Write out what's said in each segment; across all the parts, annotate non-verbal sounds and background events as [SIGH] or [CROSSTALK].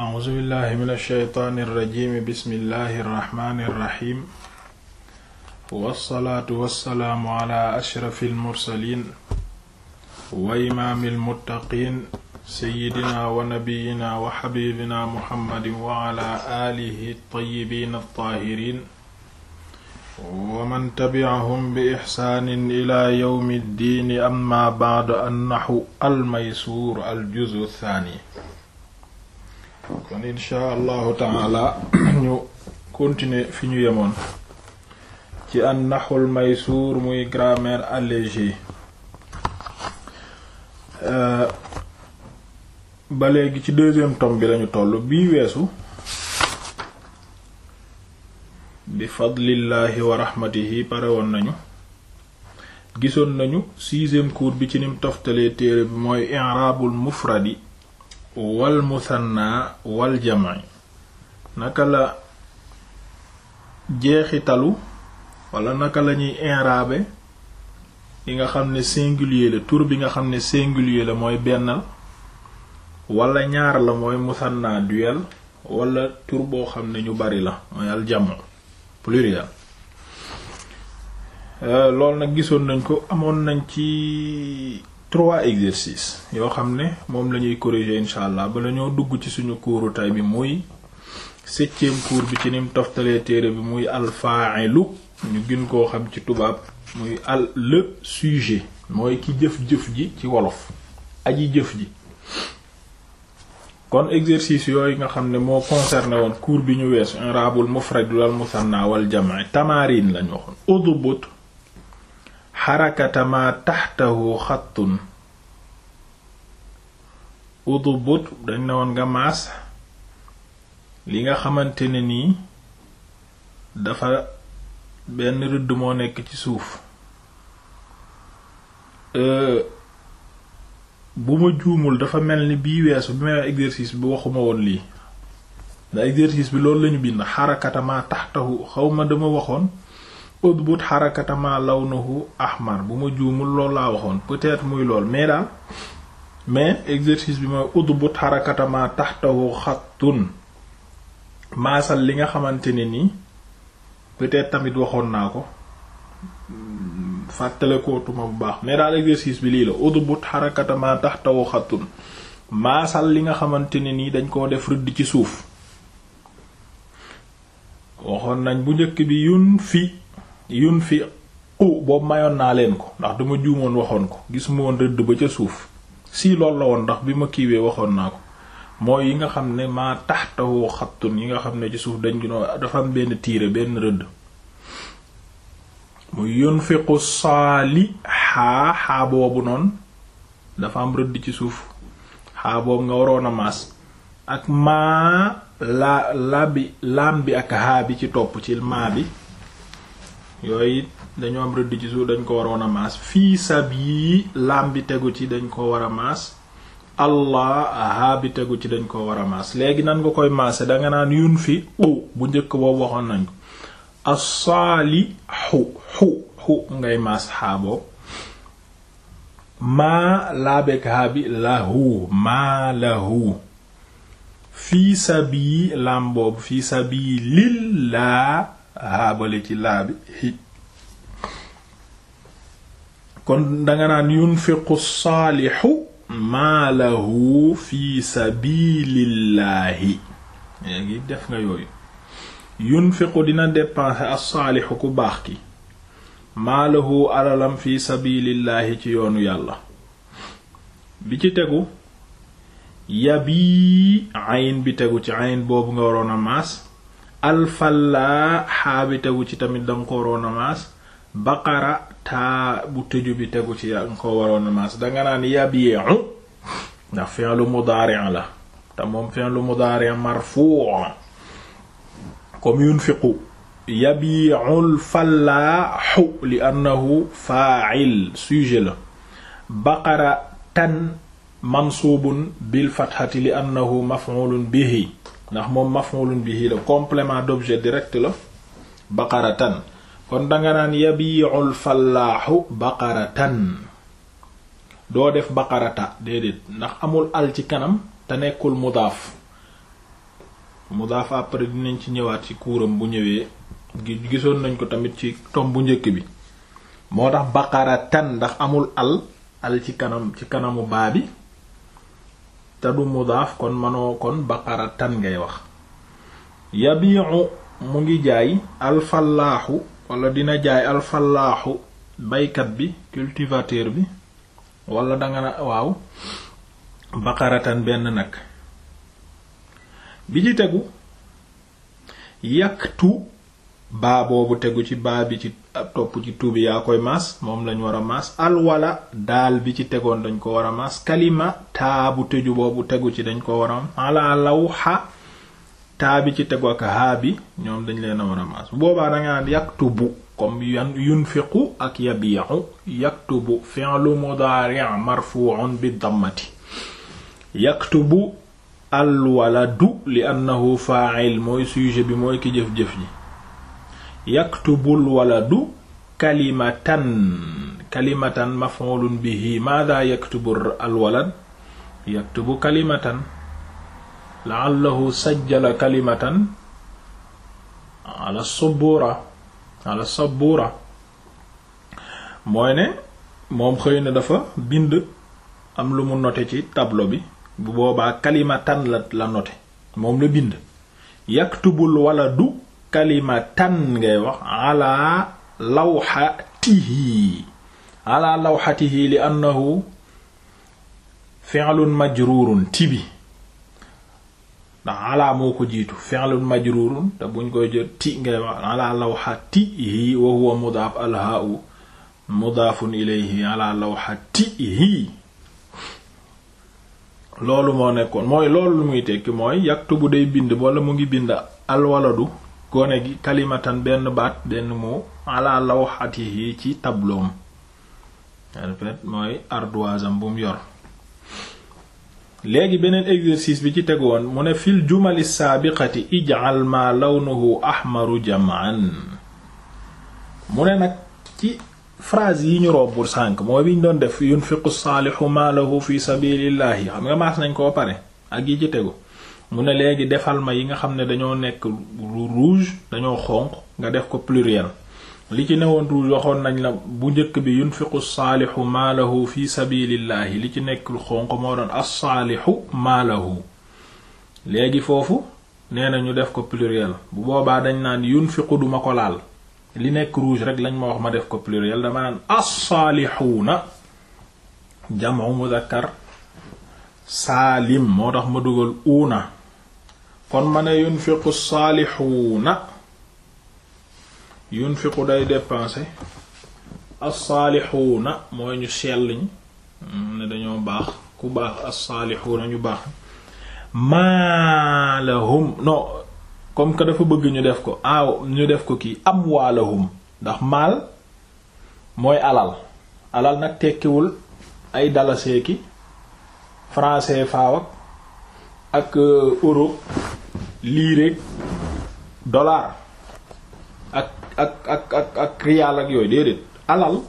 a'uuzu billahi min ash-shaytaani irrajimi bismillahi irrahmani irrahim wassalaatu wassalaamu ala ashrafi almursalin wa imaami almuttaqiin seyyidina wa nabiyina wa xabibina muhammadin wa ala aalihi altayibiin altaahiriin wa man tabi'ahum bi ixsaanin ila yawmi ddiini amma ba'du annaxu almaysuur aljuzu altaani kon insha allahu taala [CLEARS THROAT] ñu continuer fi ñu yemoon ci an naxul maysuur muy grammaire allégée euh, ba léegi ci deuxième tome bi lañu toll bii weesu bi fadlillahi wa rahmatihi pare woon nañu gisoon nañu sixième cours bi ci nim toftalee téere bi mooy i'rabul mufradi wal musanna wal jami naka la jeexitalu wala naka lañuy inrabe yi nga xam ne singulier la tur bi nga xam ne singulier la mooy benn wala ñaar la mooy musanna duel wala tur boo xam ne ñu bari la mooy al jamu pluriel euh, loolu nag gisoon nañ ko amoon nañ ci trois exercices yoo xam ne moom la ñuy corriger incha allah ba lañoo dugg ci suñu kuuru tay bi muy septième cours bi ci nim toftalee téere bi muy alfa'ilu ñu gën koo xam ci tubaab muy al le sujet mooy ki jëf-jëf ji ci wolof aji jëf ji kon exercice yooyu nga xam ne moo concerné woon cours bi ñu wees i'rabul mufrad wal musanna wal jam' tamarin lañ waxoon xarakata ma taxtahu xattun udubut dañ ne woon nga maas li nga xamante ne nii dafa benn rëdd moo nekk ci suuf euh, bu ma juumul dafa mel ni bii weesu bi may exercice bi waxuma woon lii ndax exercice bi loolu lañu bind xarakata ma taxtahu xaw dama waxoon law na lawnuhu ahmar bu ma juumul lool laa waxoon peut muy lool mais daal mais exercice bi mooy udbut xarakatama taxtahu xattun maasal li nga xamante ne nii peut-être tamit waxoon naa ko fàttalekootuma bu baax mais daal bi lii la udbut xarakatama taxtahu xattun maasal li nga xamante ne nii dañ koo def rëdd ci suuf waxoon nañ bu njëkk bi yun fi yunfiqu boobu mayoon naa leen ko ndax dama juumoon waxoon ko gis ma woon rëdd ba ca suuf si loolu la woon ndax bi ma kiiwee waxoon naa ko mooy yi nga xam ne maa taxtawoo xattun yi nga xam ne ci suuf dañ ginoo dafa am benn tiire benn rëdd mu yunfiqu saali xaa xaa boobu noonu dafa am rëdd ci suuf xaa boobu nga waroon a maas ak maa bi laam bi ak haa bi ci topp ci maa bi yooyu it dañu am rëdd ci suuf dañ ko waroon a maas fii sab yi laam bi tegu ci dañ ko war a maas bi tegu ci dañ ko war a maas léegi nan nga koy maase danga naan yun fi njëkk boobu waxoon nañ ko asaali xu xu xu ngay maas xaa boobu fii sabii laam boobu haabale ci laabi hij kon danga naan yunfiqu saalixu maalahu def nga yooyu yunfiqu dina dépenser as-saalixu ku baax ki maalahu alalam fi sabilillahi ci yoonu yàlla bi ci tegu yabi ayn bi tegu ci ayn boobu nga waroon a maas alfallaa xaabi tegu ci tamit danga ko baqara taa bu tëju bi tegu ci danga ko waroon a danga naan yabi'u ndax fi'lu mudaari' la te moom fi'lu mudaari' marfu' comme yunfiqu yabi'ul fallaahu li annahu faa'il sujet la baqara tan mansuubun bil fathati li annahu bihi ndax moom maf'ulun bihi la complément d'objet direct la baqaratan kon danga naan yabi'ul fallaaxu baqaratan doo def baqarata déedéet ndax amul al ci kanam te nekkul mudaaf mudaaf di nañ ci ñëwaat ci kuuram bu ñëwee gisoon nañ ko tamit ci tom bu njëkk bi moo tax baqaratan ndax amul al ci kanam ci kanamu baa bi te du mudaaf kon mënoo kon baqara tan ngay wax yabi'u mu ngi jaay alfallaaxu wala dina jaay alfalaaxu baykat bi cultivateur bi wala danga na waaw baqaratan benn nag bi ci tegu yàqtu baa boobu tegu ci baa bi ci topp ci tuubi yaa koy maas moom lañ war a maas alwala daal bi ci tegoon dañ ko war a maas kalima taa bu boobu tegu ci dañ ko war a ala lawha taa bi ci tegu ak haa bi ñoom dañ leen a war a maas boobaa da nga yaktubu comme yan ak yabi'u yaktubu fi'lu mudari' marfu'un bi dammati yaktubu alwaladu li annahu fa'il mooy sujet bi mooy ki jëf-jëf ji yaktubul waladu kalimatan kalimatan maf'ulun bihi maada yaktubu al walad yaktubu kalimatan la'allahu sajjala kalimatan ala subura ala sabura mooy ne moom xëy na dafa bind am lu mu note ci tableau bi bu boobaa kalimatan la la note moom la bind yaktubul waladu kalimatan ngay wax ala lawxatihi ala lawxatihi li annahu fi'lun majrurun tibi ndax ala moo ko jiitu fi'lun majrurun te buñ koy jël ti ngay wax ala lawxatihi wa huwa mudaaf alhaa'u mudaafun ilayhi ala lawxatihi loolu moo nekkoon mooy loolu lu muy tekki mooy yaktubu day bind wala mu ngi bind alwaladu gone gi kalimatan benn baat benn moo ala lawhatihi ci tabloom en fait mooy ardoise bu mu yor léegi beneen exercice bi ci tegoon mu ne fil jumali saabiqati ij'al ma lawnuhu ahmaru jam'an mu ne nag ci phrase yi ñu robbul sànk mooy bi doon def yunfiqu saalihu maalahu fi sabilillahi xam nga maas nañ koo pare ak yi ci tegu mu ne léegi defal ma yi nga xam ne dañoo nekk rouge dañoo xonq nga def ko pluriel li ci newoon rouge waxoon nañ la bu njëkk bi yunfiqu saalixu maalahu fi sabilillahi li ci nekk xonq moo doon as-saalixu maalahu léegi foofu nee nañu def ko pluriel bu boobaa dañ naan yunfiqu duma ko laal li nekk rouge rek lañ ma wax ma def ko pluriel dama naan as-saalixuuna jam'u muzakkar saalim moo tax ma dugal uuna kon ma ne yunfiqu saalixuuna yunfiqu day dépenser as-saalixuuna mooy ñu sell ñi ne dañoo baax ku baax as ñu baax maalahum non comme que dafa bëgg ñu def ko aw ñu def ko kii amwaalahum ndax maal mooy alal alal nag tekkiwul ay dalaseeki français faawak ak euh, urop liireeg dollar ak ak ak ak ak riyaal ak yooyu déedéet alal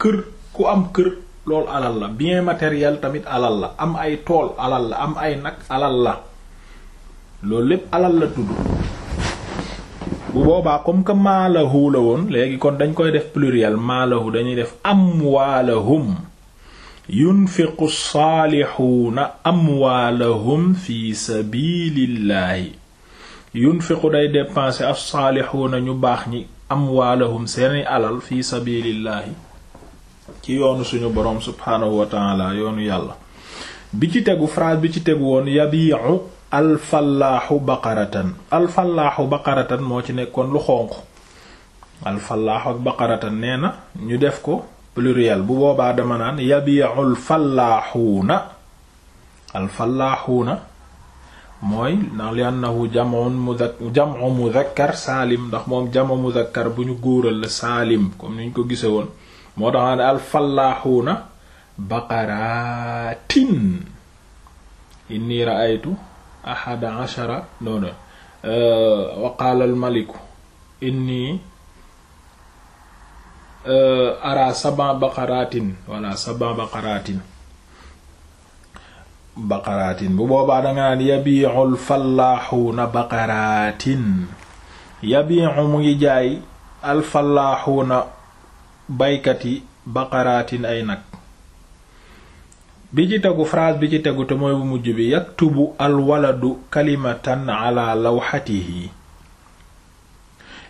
kër ku am kër loolu alal la bien matériel tamit alal la am ay tool alal la am ay nag alal la loolu lépp alal la tudd bu boobaa comme que maalahu la woon léegi kon dañ koy def pluriel maalahu dañuy def amwaalahum yunfiqu saalixuuna amwaalahum fi sabilillahi yunfiqu day dépenser as-saalixuuna ñu baax ñi amwaalahum seeni alal fi sabilillahi ci yoonu suñu boroom subhaanahu wa yoonu yàlla bi ci tegu phrase bi ci tegu woon yabiicu alfallaaxu baqaratan baqaratan moo ci nekkoon lu xonq alfallaaxu ak baqaratan nee na ñu def ko pluriel bu boobaa dama naan yabi'ul fallaaxuuna al fallaaxuuna mooy ndax li annahu jam'un mudhakkar jam'u mudhakkar saalim ndax moom la saalim comme ni ñu ko gise woon moo tax ma al fallaaxuuna baqaraatin inni ra'aytu wa qaala al inni ara saba baqaratin bu boobaa danga naan yabiixul fallaaxuuna baqaratin yabiixu mu ngi jaay alfallaaxuuna baykat yi baqaraatin ay nag bi ci tegu phrase bi ci tegu te mooy mujj bi yaktubu alwaladu kalimatan ala lawxatihi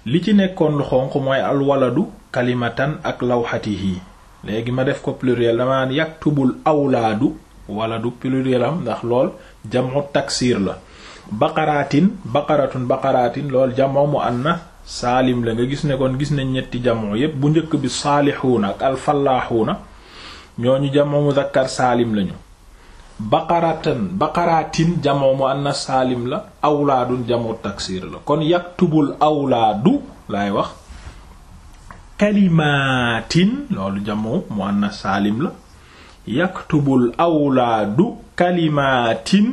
li ci nekkoon lu xonq mooy alwaladu kalimatan ak lawxati yi léegi ma def ko pluriel dama naan yaktubul awlaadu waladu pluriel am ndax lool jamu taksiir la baqaraatin baqaratun baqaraatin lool jamu mu na saalim la nga gis nekkoon gis nañ ñetti jamu yépp bu njëkk bi saalixuuna ak alfallaaxuuna ñooñu jamu muzakkar saalim lañu baqaratan baqaratin jamoo mu anna saalim la awlaadun jamoo taksiir la kon yaktubul awlaadu laay wax kalimaatin loolu jamoo mu anna saalim la yaktubul awlaadu kalimaatin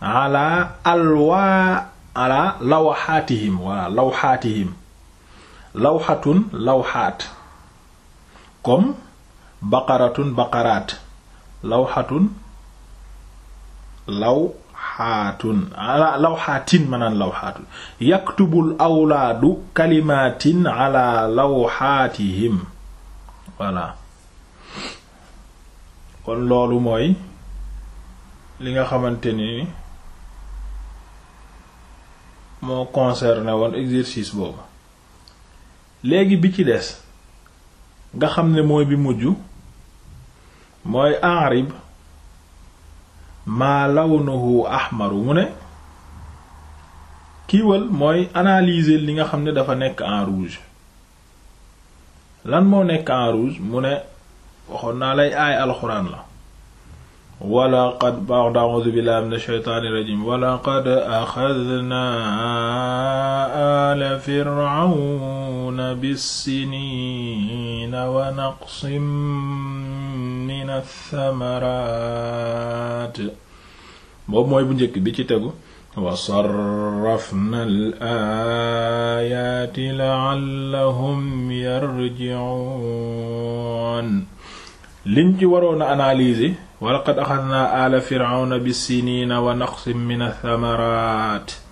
ala alwaa ala lawxaatihim wala lawxaatihim lawxaat comme baqaratun baqaraat lawxatun law xaatun ala law xaatin manaan law xaatun yaktubul awlaadu kalimaatin ala law xaatihim voilà kon loolu mooy li nga xamante ni moo concerné woon exercice boobu léegi bi ci des nga xam ne mooy bi mujj mooy enrib maa lawnuhu ahmaru mu ne kiiwal mooy analyser li nga xam ne dafa nekk en rouge lan moo nekk en rouge mu ne waxoon naa lay aay alxuraan la wala qad ba'd a'udhu billahi minash shaytaanir rajiim wala qad axadna ala ya'muruna bis-siniina wa naqsim mina ath-thamaraat boobu mooy bu njëkk bi ci tegu wa sarrafna al-aayaati la'allahum yarji'uun liñ ci waroon a analyser wa laqad axadnaa aala fir'awna bis-siniina wa naqsim mina ath-thamaraat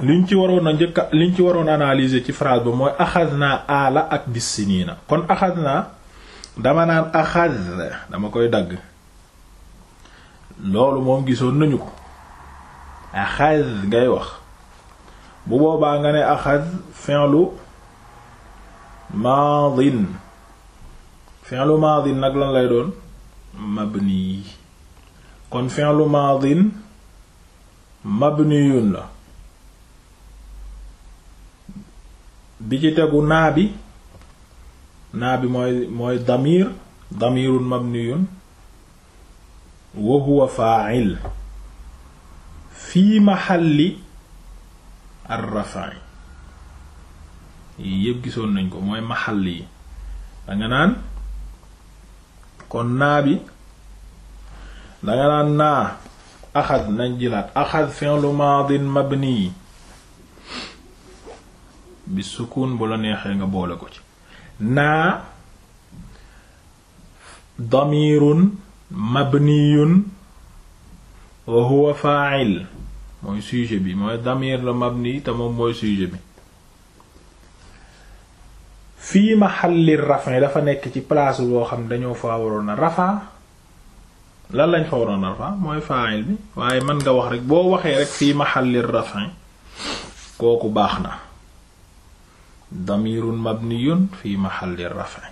liñ ci waroon a njëkka liñ ci waroon analyser ci phrase ba mooy axaz naa aala ak bis si nii na kon axaz na dama naan axaz dama koy dagg loolu moom gisoon nañu ko axaz ngay wax bu boobaa nga ne axaz fi'lu maadin fi'lu maadin nag lan lay doon mabni kon fi'lu maadin mabniyun la bi ci tegu naa bi naa bi mooy mooy damir damirun mabniyun wa huwa fa'il fii mahalli ar yépp gisoon nañ ko mooy mahall yi danga naan kon naa bi danga naan naa axad nañ jilaat axad fi'lu madin mabni bi sukuun bu la neexee nga boole ko ci naa damirun mabniyun wa huwa fa'il mooy sujet bi mooy damir la mabni te moom mooy sujet bi fii mahalli raf'i dafa nekk ci place boo xam dañoo fa waroon a rafaa lan lañ fa waroon a rafaa mooy fa'il bi waaye mën nga wax rek boo waxee rek fii mahalli raf'i kooku baax na damirun mabniyun fi mahalli raf'i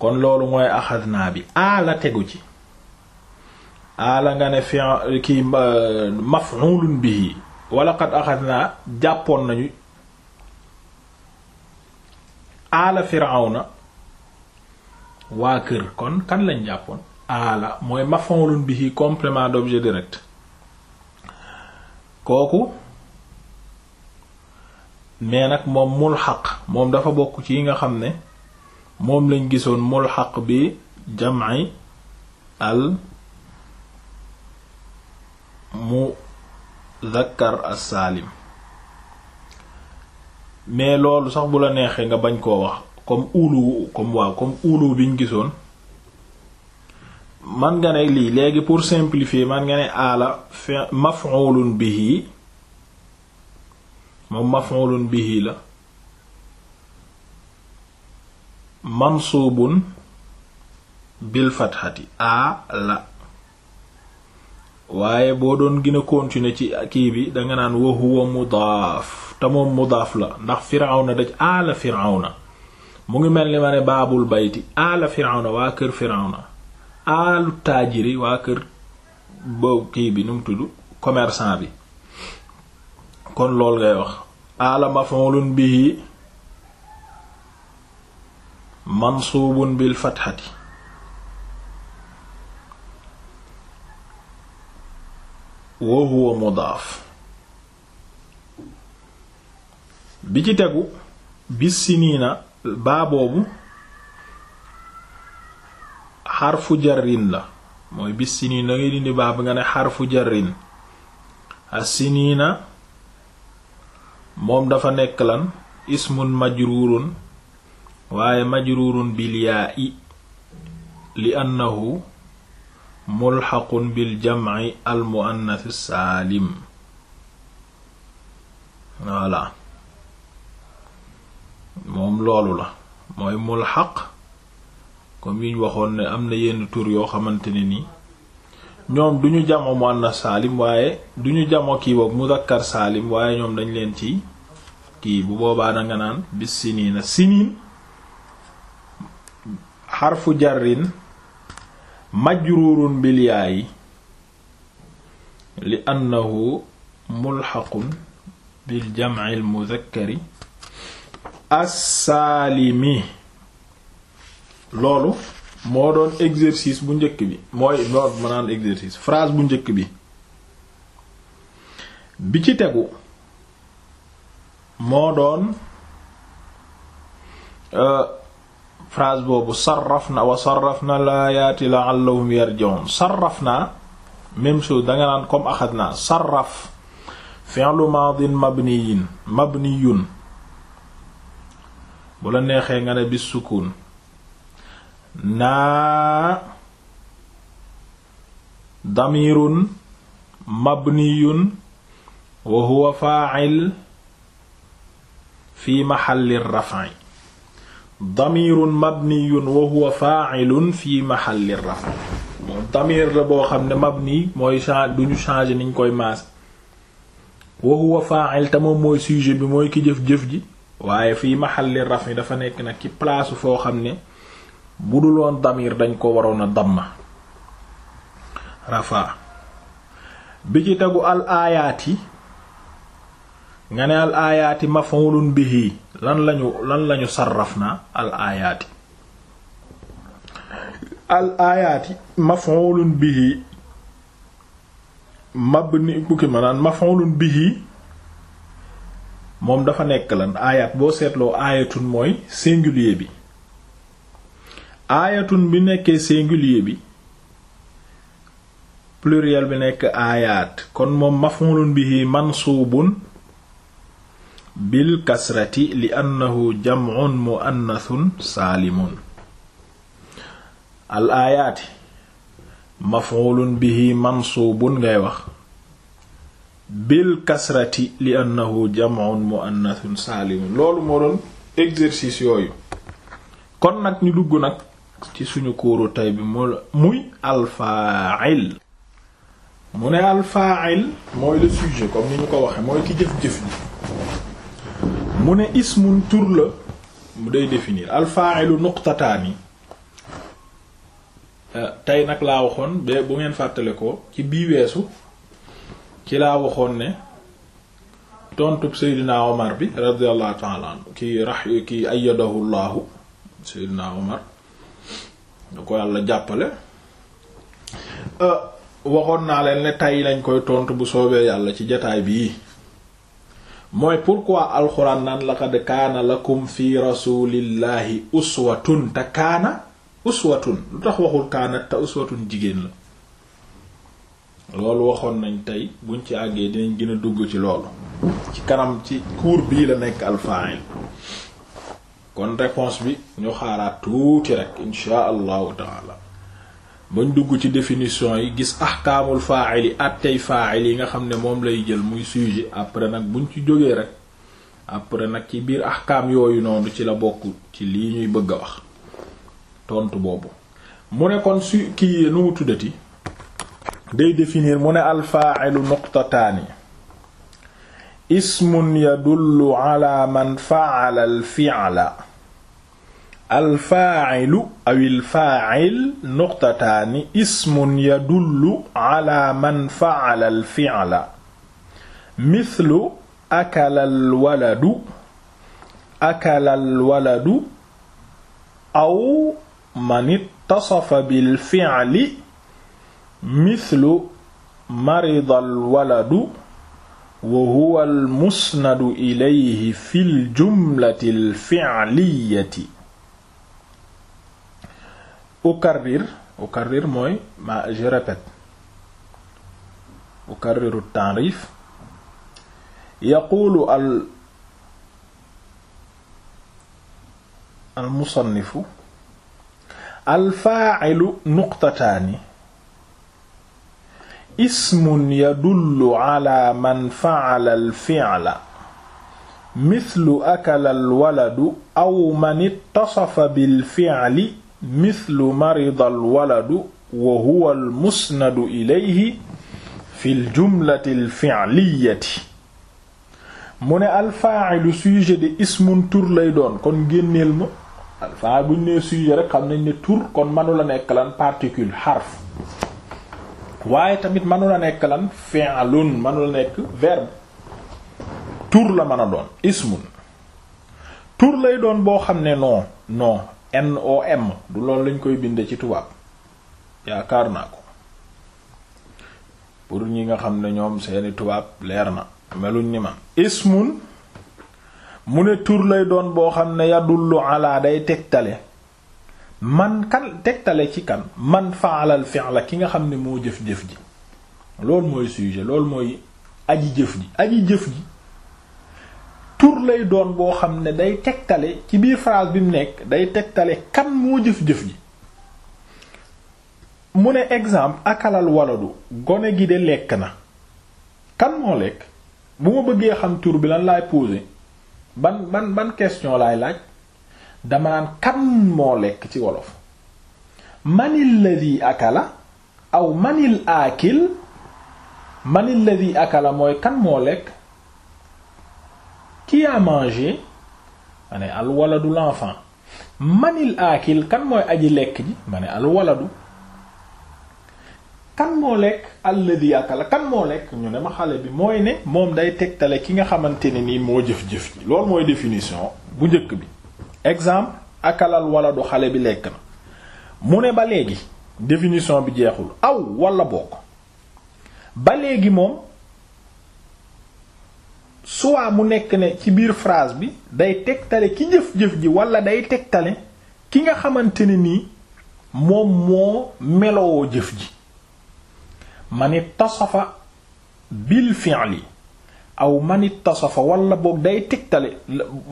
kon loolu mooy axadnaa bi aala tegu ci aala nga ne fi ki maf'ulun bihi wala qad axadnaa jàppoon nañu aala firawna waa kër kon kan lañ jàppoon aala mooy maf'ulun bihi complément d'objet direct kooku mais nag moom xaq moom dafa bokk ci yi nga xam ne moom lañ gisoon mulxaq bi jam'i al muzakkar as-saalim mais loolu sax bu la neexee nga bañ koo wax comme ulu comme waaw biñ gisoon man nga ne lii léegi pour simplifier man nga ne aala maf'ulun bihi moom maf'ulun bihi la mansuubun bil fatxati a la waaye boo doon gën a continuer ci kii bi danga naan wa huwa mudaaf te moom la ndax firawna daj ala firawna mu ngi mel ni ma ne baabul bayti ala firawna waa kër firawna alu taajiri waa kër bo kii bi nu mu tudd commerçant bi kon lool ngay wax aala maf'ulun bihi mansuubun bil fatxati wa huwa mudaaf bi ci tegu bis siniina baa boobu xarfu jarrin la mooy bis siniina da ngay dindi baa bi nga ne xarfu jarrin as siniina moom dafa nekk lan ismun majruurun waaye majruurun bil yaa'i li annahu mulxaqun bil jam'i al muannas saalim voilà moom loolu la mooy mulxaq comme yi ñu waxoon ne am na yenn tur yoo xamante ne ni ñoom duñu jamo muannas saalim waaye duñu jamo kii boobu saalim waaye ñoom dañ leen ci kii bu boobaa danga naan bis siniina siniin xarfu jarrin majruurun bil yaayi li annahu mulxaqun bil jamci al muzakkari loolu moo doon exercice bu njëkk bi mooy loolu ma naan exercice phrase bu njëkk bi bi ci tegu moo doon euh, phrase boobu sarrafna wa sarrafna laayaati la'allahum yarji'un na même chose danga naan comme axadna sarraf fi'lu maadin mabniyin mabniyun bu la neexee nga ne bis sukun naa damirun mabniyun wa huwa fa'il fi maxalli raf'i damirun mabniyun wa huwa fa'ilun fi maxalli raf'i moom damir la boo xam ne mabni mooy change niñ koy maas wa huwa jëf-jëf waaye fii maxalli raf'i dafa nekk nag ci place foo xam ne bu dul woon damir dañ ko waroon a damma rafa bi ci tegu al aayaati nga ne al aayaati maf'ulun bihi lan lañu lan lañu sarraf na al aayaati al aayaati maf'ulun bihi mabni bukki ma naan maf'ulun bihi moom dafa nekk lan aayaat boo seetloo aayatun mooy singulier bi aayatun bi nekkee singulier bi pluriel bi nekk aayaat kon moom maf'ulun bihi mansuubun bil kasrati li annahu jam'un muannathun saalimun al aayaati maf'ulun bihi mansuubun ngay wax bil kasrati li annahu jam'un muannathun saalimun loolu moo doon exercice yooyu kon nag ñu dugg nag ci suñu kóoru tey bi mu muy alfaa'il mu ne alfaa'il mooy le sujet comme ni ñu ko waxe mooy ki jëf-jëf ji mu ne ismun tur la mu day définir al fa'ilu nuqtataani euh, tey nag laa waxoon bu ngeen fàttale ko ci bii weesu ci laa waxoon ne tontub Seydina Omar bi radiyallahu ta'ala anhu ki rax ki ayyadahu llahu Omar da ko yàlla jàppale euh, waxoon naa leen ne tey lañ koy tontu bu soobee yàlla ci jataay bii mooy pourquoi alxuraan naan laqad kaana lakum fi rasulillahi uswatun te kaana uswatun lu tax waxul kaana te uswatun jigéen la loolu waxoon nañ tey buñ ci àggee dinañ gën a dugg ci loolu ci kanam ci cours bii la nekk alfa'il kon réponse bi ñu xaaraat tuuti rek insha allahu taala bañ dugg ci définition yi gis ahkaamul faa'il yi attey faa'il yi nga xam ne moom lay jël muy sujet après nag buñ ci jógee rek après nag ci biir ahkaam yooyu noonu ci la bokk ci lii ñuy bëgg a wax tontu boobu mu ne kon su kii nu mu tuddati day définir mu ne al faa'ilu nuqtataani ismun yadullu ala man fa'ala al la alfaacilu aw ilfaacil nuqtataani ismun yadullu ala man facala alficla mithlu akala alwaladu akala alwaladu aw man ittasafa bilficli mithlu marida alwaladu wa huwa almusnadu ilayhi fi ljumlati alficliyati ukarrir ukarrir mooy ma je répète ukarriru ta'rif yaqulu al al musannifu al faa'ilu nuqtataani ismun yadullu ala man fa'ala al fi'la mithlu akala al waladu aw man ittasafa bil fi'li mithlu marida alwaladu wa huwa almusnadu ilayhi fi ljumlati alfiliyati mu ne alfaailu sujet de ismun tur lay doon kon génneel ma alfail buñ nee sujet rek xam nañ ne tur kon mënula nekk lan particule xarf waaye tamit mënula nekk lan fi'lun mënula nekk verbe tur la mën a doon ismun tur lay doon boo xam ne noo noo NOM du loolu lañ koy bindee ci tubaab yaakaar naa ko pour ñi nga xam ne ñoom seeni tubaab leer na meluñ ni man ismun mu ne tur lay doon boo xam ne yadullu ala day tegtale man kan tegtale ci kan man faalal fi'la ki nga xam ne moo jëf-jëf ji loolu mooy sujet loolu mooy aji jëf ji aji jëf ji tur lay doon boo xam ne day tegtale ci biir phrase bi mu nekk day tegtale kan moo jëf-jëf ji mu ne exemple akalal waladu gone gi de lekk na kan moo lekk bu ma bëggee xam tur bi lan laay poser ban ban ban question laay laaj dama naan kan moo lekk ci wolof manil ladhi akala aw manil aakil manil ladhi akala mooy kan moo lekk qui a mangé ma ne al waladu l'enfant manil aakil kan mooy aji lekk ji ma ne al waladu kan moo lekk alladi akala kan moo lekk ñu ne ma xale bi mooy ne moom day tegtale ki nga xamante ne nii moo jëf-jëf ji loolu mooy définition bu njëkk bi exemple akalal waladu xale bi lekk na mu ne ba léegi définition bi jeexul aw walla bokk ba léegi moom soit mu nekk ne ci biir phrase bi day tegtale ki jëf-jëf ji wala day tegtale ki nga xamante ni nii moom moo melowoo jëf ji man ittasafa bil fi'li aw man ittasafa wala boog day tegtale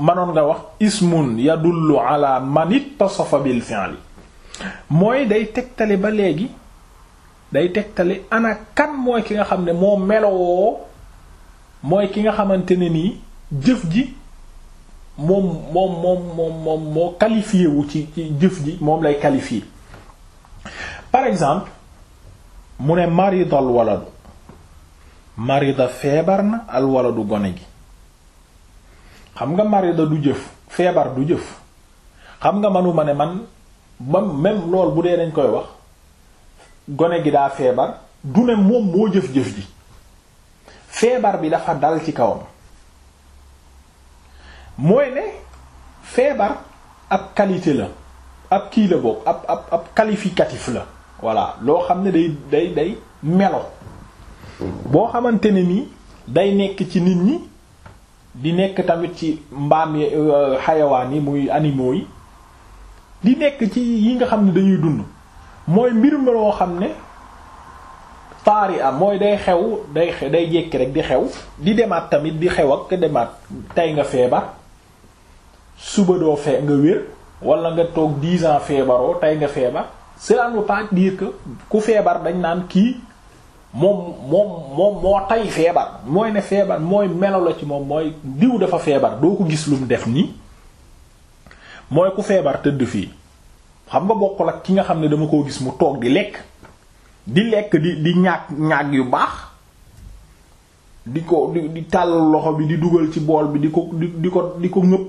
manoon nga wax ismun yadullu ala man ittasafa bil fi'li mooy day tegtale ba léegi day tegtale ana kan mooy ki nga xam ne moo melowoo mooy ki nga xamante ne nii jëf ji moom moom moom moom moo qualifié wu ci ci jëf ji moom lay qualifié par exemple mu ne maridal waladu marida feebar na al waladu gone gi xam nga marida du jëf feebar du jëf xam nga manuma ne man ba même lool bu dee dañ koy wax gone gi daa feebar du ne moom moo jëf-jëf ji feebar bi dafa dal ci kawam mooy ne feebar ab qualité la ab kii la bokk ab ab ab qualificatif la voilà loo xam ne day day day melo boo xamante ne nii day nekk ci nit ñi di nekk tamit ci mbaam euh, xayawaan yi muy animaux yi di nekk ci yi nga xam ne dañuy dund mooy mbir meloo xam ne faar yi am mooy day xew day day jékki rek di xew di demaat tamit di xew ak demaat tey nga feebar suba doo fee nga wér wala nga toog dix ans feebaroo tay nga feebar cela ne veut pas dire ku feebar dañ naan kii moom moom moom moo tay feebar mooy ne feebar mooy melo la ci moom mooy diw dafa feebar doo ko gis lu mu def nii mooy ku feebar tëdd fii xam nga bokkul ak ki nga xam ne dama koo gis mu toog di lekk di lekk di di ñaag ñaag yu baax di ko di di loxo bi di dugal ci bool bi di ko di ko di ko ngëb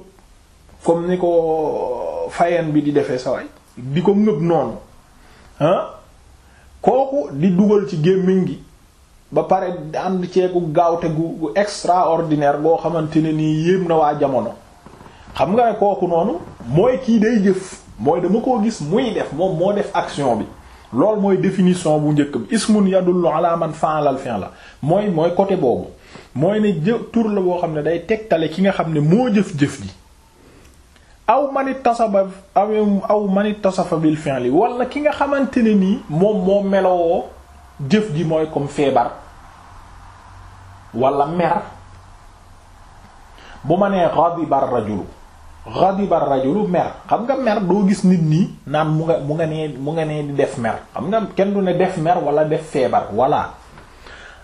comme ni ko fayen bi di defee saway di ko ngëb noonu ah kooku di dugal ci gémmiñ gi ba pare ànd ceeku gaawte gu gu extraordinaire boo xamante ne nii yéem na waa jamono xam nga ne kooku noonu mooy kii day jëf mooy dama koo gis muy def moom moo def action bi loolu mooy définition bu njëkk bi ismun yadullu ala man fa'ala al la mooy mooy côté boobu mooy ne tur la boo xam ne day tegtale ki nga xam ne moo jëf-jëf ji aw manit tasaba aw aw manit tasafa bil ki nga xamante ne nii moom moo melowoo jëf ji mooy comme feebar wala mer bu ma nee ghadiba ar-rajulu ghadiba ar-rajulu mer xam nga mer doo gis nit nii naan mu nga mu nga nee mu nga nee di def mer xam nga kenn du ne def mer wala def feebar voilà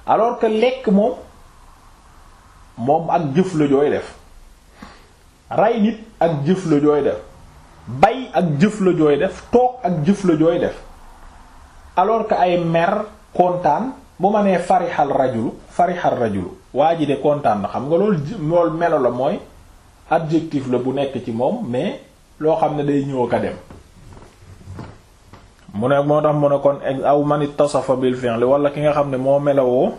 alors que lekk moom moom ak jëf la jooy def ray nit ak jëf la jooy def bay ak jëf la jooy def toog ak jëf la jooy def alors que ay mer kontaan bu ma nee farihal rajulu farihal rajulu waa ji de kontaan na xam nga loolu loolu melo la mooy adjectif la bu nekk ci moom mais loo xam ne day ñëw ka dem mu ne moo tax mu ne kon aw man ittasafa bil fi'l wala ki nga xam ne moo melowoo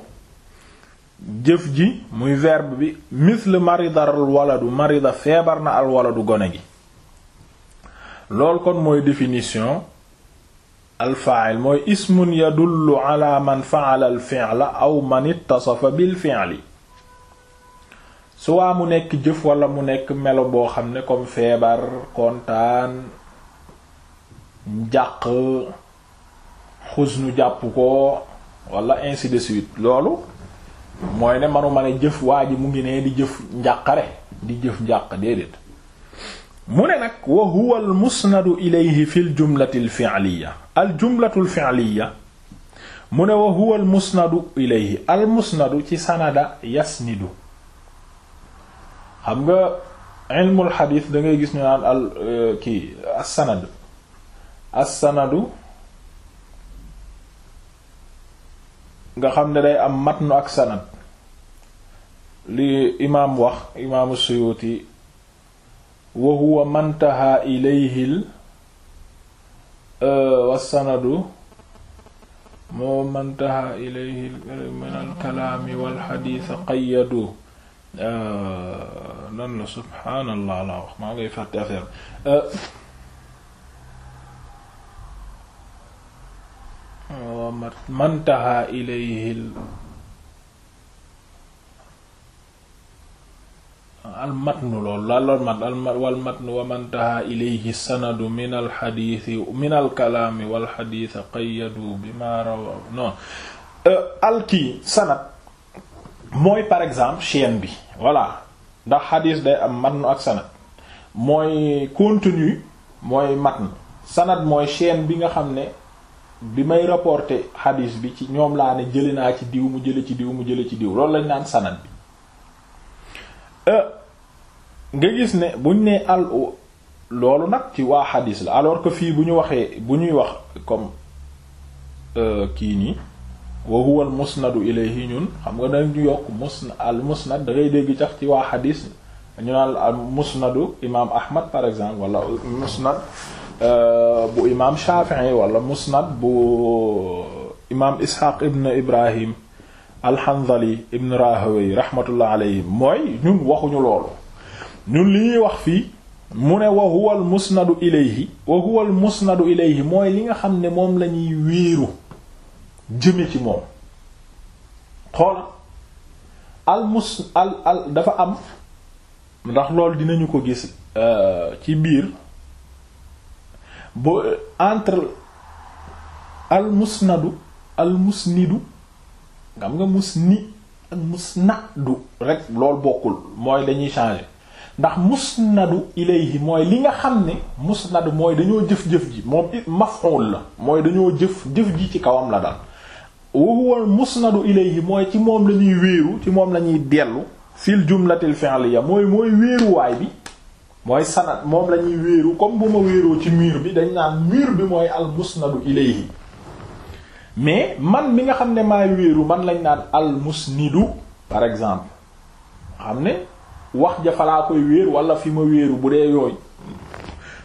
jëf ji muy verbe bi misl marida al waladu marida feebar na al waladu gone gi loolu kon mooy définition al fa'il mooy ismun yadullu ala man fa'ala al fi'la aw man ittasafa bil fi'li suwaa mu nekk jëf walla mu nekk melo boo xam ne comme feebar kontaan njàq xusnu jàpp ko wala ainsi de suite loolu mooy ne manuma ne jëf waa ji mu ngi ne di jëf njàqare di jëf njàq déedéet mu ne nag wa huwa al ilayhi fi l jumlati al fi'liya al mu ne wa huwa al ilayhi al ci sanada yasnidu xam nga ilmul xadis gis ñu euh, kii assanadu assanadu nga xam ne day am matnu ak sanad li imaam wax imaamu suyuti wa huwa mantaha ilayhil euh, wassanadu moo mantaha ilayhil min al kalaami wal xadiis Euh, nan la subhaanallah laa wax maa ngay fàtte affaire euh, mantaha ilayhi al matnu loolu la lool mat wal matnu wa mantaha ilayhi sanadu min al xadiisi min al kalaami wal xadiisa qayyadu bima rawa non euh, alkii sanad mooy par exemple chaîne bi voilà ndax xadis day am matnu ak sanad mooy contenu mooy matn sanad mooy chaîne bi nga xam ne bi may rapporter xadis bi ci ñoom laa ne jële naa ci diw mu jële ci diw mu jële ci diw loolu lañ naan sanad bi euh, nga gis ne buñ nee al loolu nag ci waa xadis la alors que fii bu ñu waxee bu ñuy wax comme euh, kii nii wa huwa al musnadu ilayhi ñun xam nga dañ ñu yokk musna al musnad da ngay dégg tax ci waa xadis ñu naan al musnadu imaam Ahmad par exemple wala musnad euh, bu imaam Shafi'i wala musnad bu imaam Ishaq ibn Ibrahim al-Hanzali ibn Rahawayh mooy ñun waxuñu loolu ñun li ñuy wax fii mu ne wa huwa al musnadu ilayhi wa huwa al musnadu ilayhi mooy li nga xam ne moom la ñuy wéeru. jëme ci moom xool al mus al al dafa am ndax loolu dinañu ko gis euh, ci biir bo entre al musnadu al musnidu xam nga mus musni ak musnadu rek lool bokkul mooy dañuy changer ndax musnadu ilayhi mooy li nga xam ne nadu mooy dañoo jëf-jëf ji moom maf'ul la mooy dañoo jëf jëf ji ci kawam la dal wa huwa al musnadu ilayhi mooy ci moom la ñuy wéeru ci moom la ñuy dellu fil jumlatil fi'liya mooy mooy wéeruwaay bi mooy sanad moom lañuy ñuy wéeru comme bu ma wéeroo ci miir bi dañ naan miir bi mooy al musnadu ilayhi mais man mi nga xam ne maay wéeru man lañ naan al musnidu par exemple xam ne wax jafalaa koy wéer wala fi ma wéeru bu dee yooyu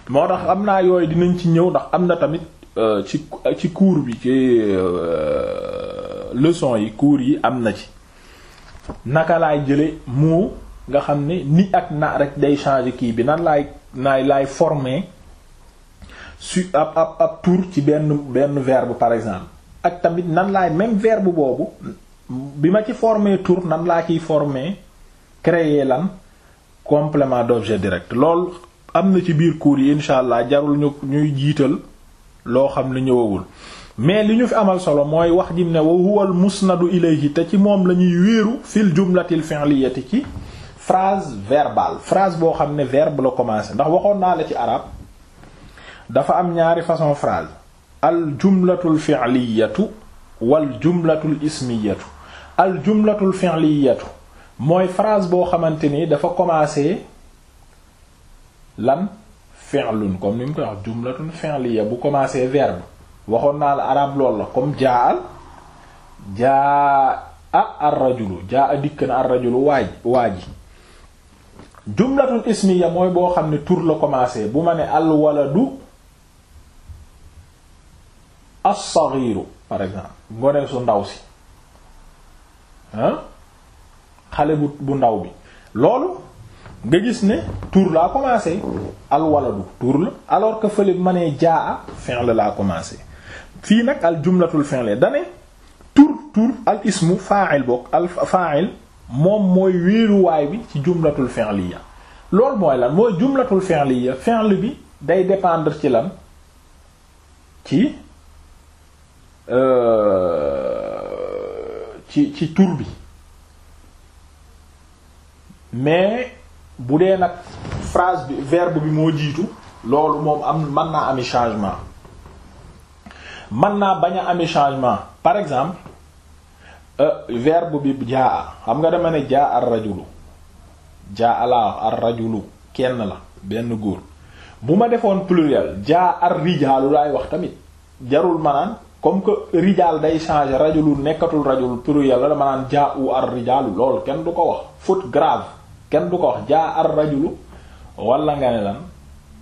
moo tax am naa yooyu dinañ ci ñëw ndax am na tamit Euh, ci euh, ci cours bi ci euh, leçon yi cours yi am na ci naka lay jële moo nga xam ne ni ak na rek day changer kii bi nan laay nay laay former su ab ab ab tour ci benn benn verbe par exemple ak tamit nan laay même verbe boobu bi ma ci former tour nan laa ciy former créer lan complément d'objet direct lool am na ci biir cours yi incha allah jarul ñu ñuy jiital loo xam lu ñëwawul mais li ñu fi amal solo mooy wax jim ne wa huwa al musnadu ilayhi te ci moom la ñuy wéeru fil jumlatil fi'liyati ci phrase verbale phrase boo xam ne verbe la commencé ndax waxoon naa la ci arab dafa am ñaari façon phrase al jumlatul fi'liyatu wal jumlatul ismiyatu al jumlatul fi'liyatu mooy phrase boo xamante ni dafa commencé lan fi'lun comme ni mu koy wax jumlatun fi'liya bu commencé verbe waxoon naa la arab lool la comme jaa jaa ar-rajulu jaa dikk na ar-rajulu waaj waaji jumlatul ismiya mooy boo xam ne tur la commencé bu ma ne al-waladu as-saghiru par exemple ngone su ndaw si ah bu bu ndaw bi loolu nga gis ne tur laa commencé al waladu tur la alors que fële ma nee jaa fi'l laa commencé fii nag al jumlatul fi'l dane tur tur al ismu fa'il bokk al fa'il moom mooy wéeruwaay bi ci jumlatul fi'liya loolu mooy lan mooy jumlatul fi'liya fi'l bi day dépendre ci lan ci euh, ci ci tur bi mais bu dee nag frase bi verbe bi moo jiitu loolu moom am man naa ami changement man naa bañ a ami changement par exemple euh, verbe bi jaa xam nga dama ne jaa ar rajulu jaa la ar rajulu kenn la benn góor bu ma defoon pluriel jaa ar rijaalu laay wax tamit jarul ma naan comme que rijaal day changer rajulu nekkatul rajulu pluriel la dama naan jaa u ar rijaalu loolu kenn du ko wax foot grave kenn du ko wax jaa ar rajulu wala nga ne lan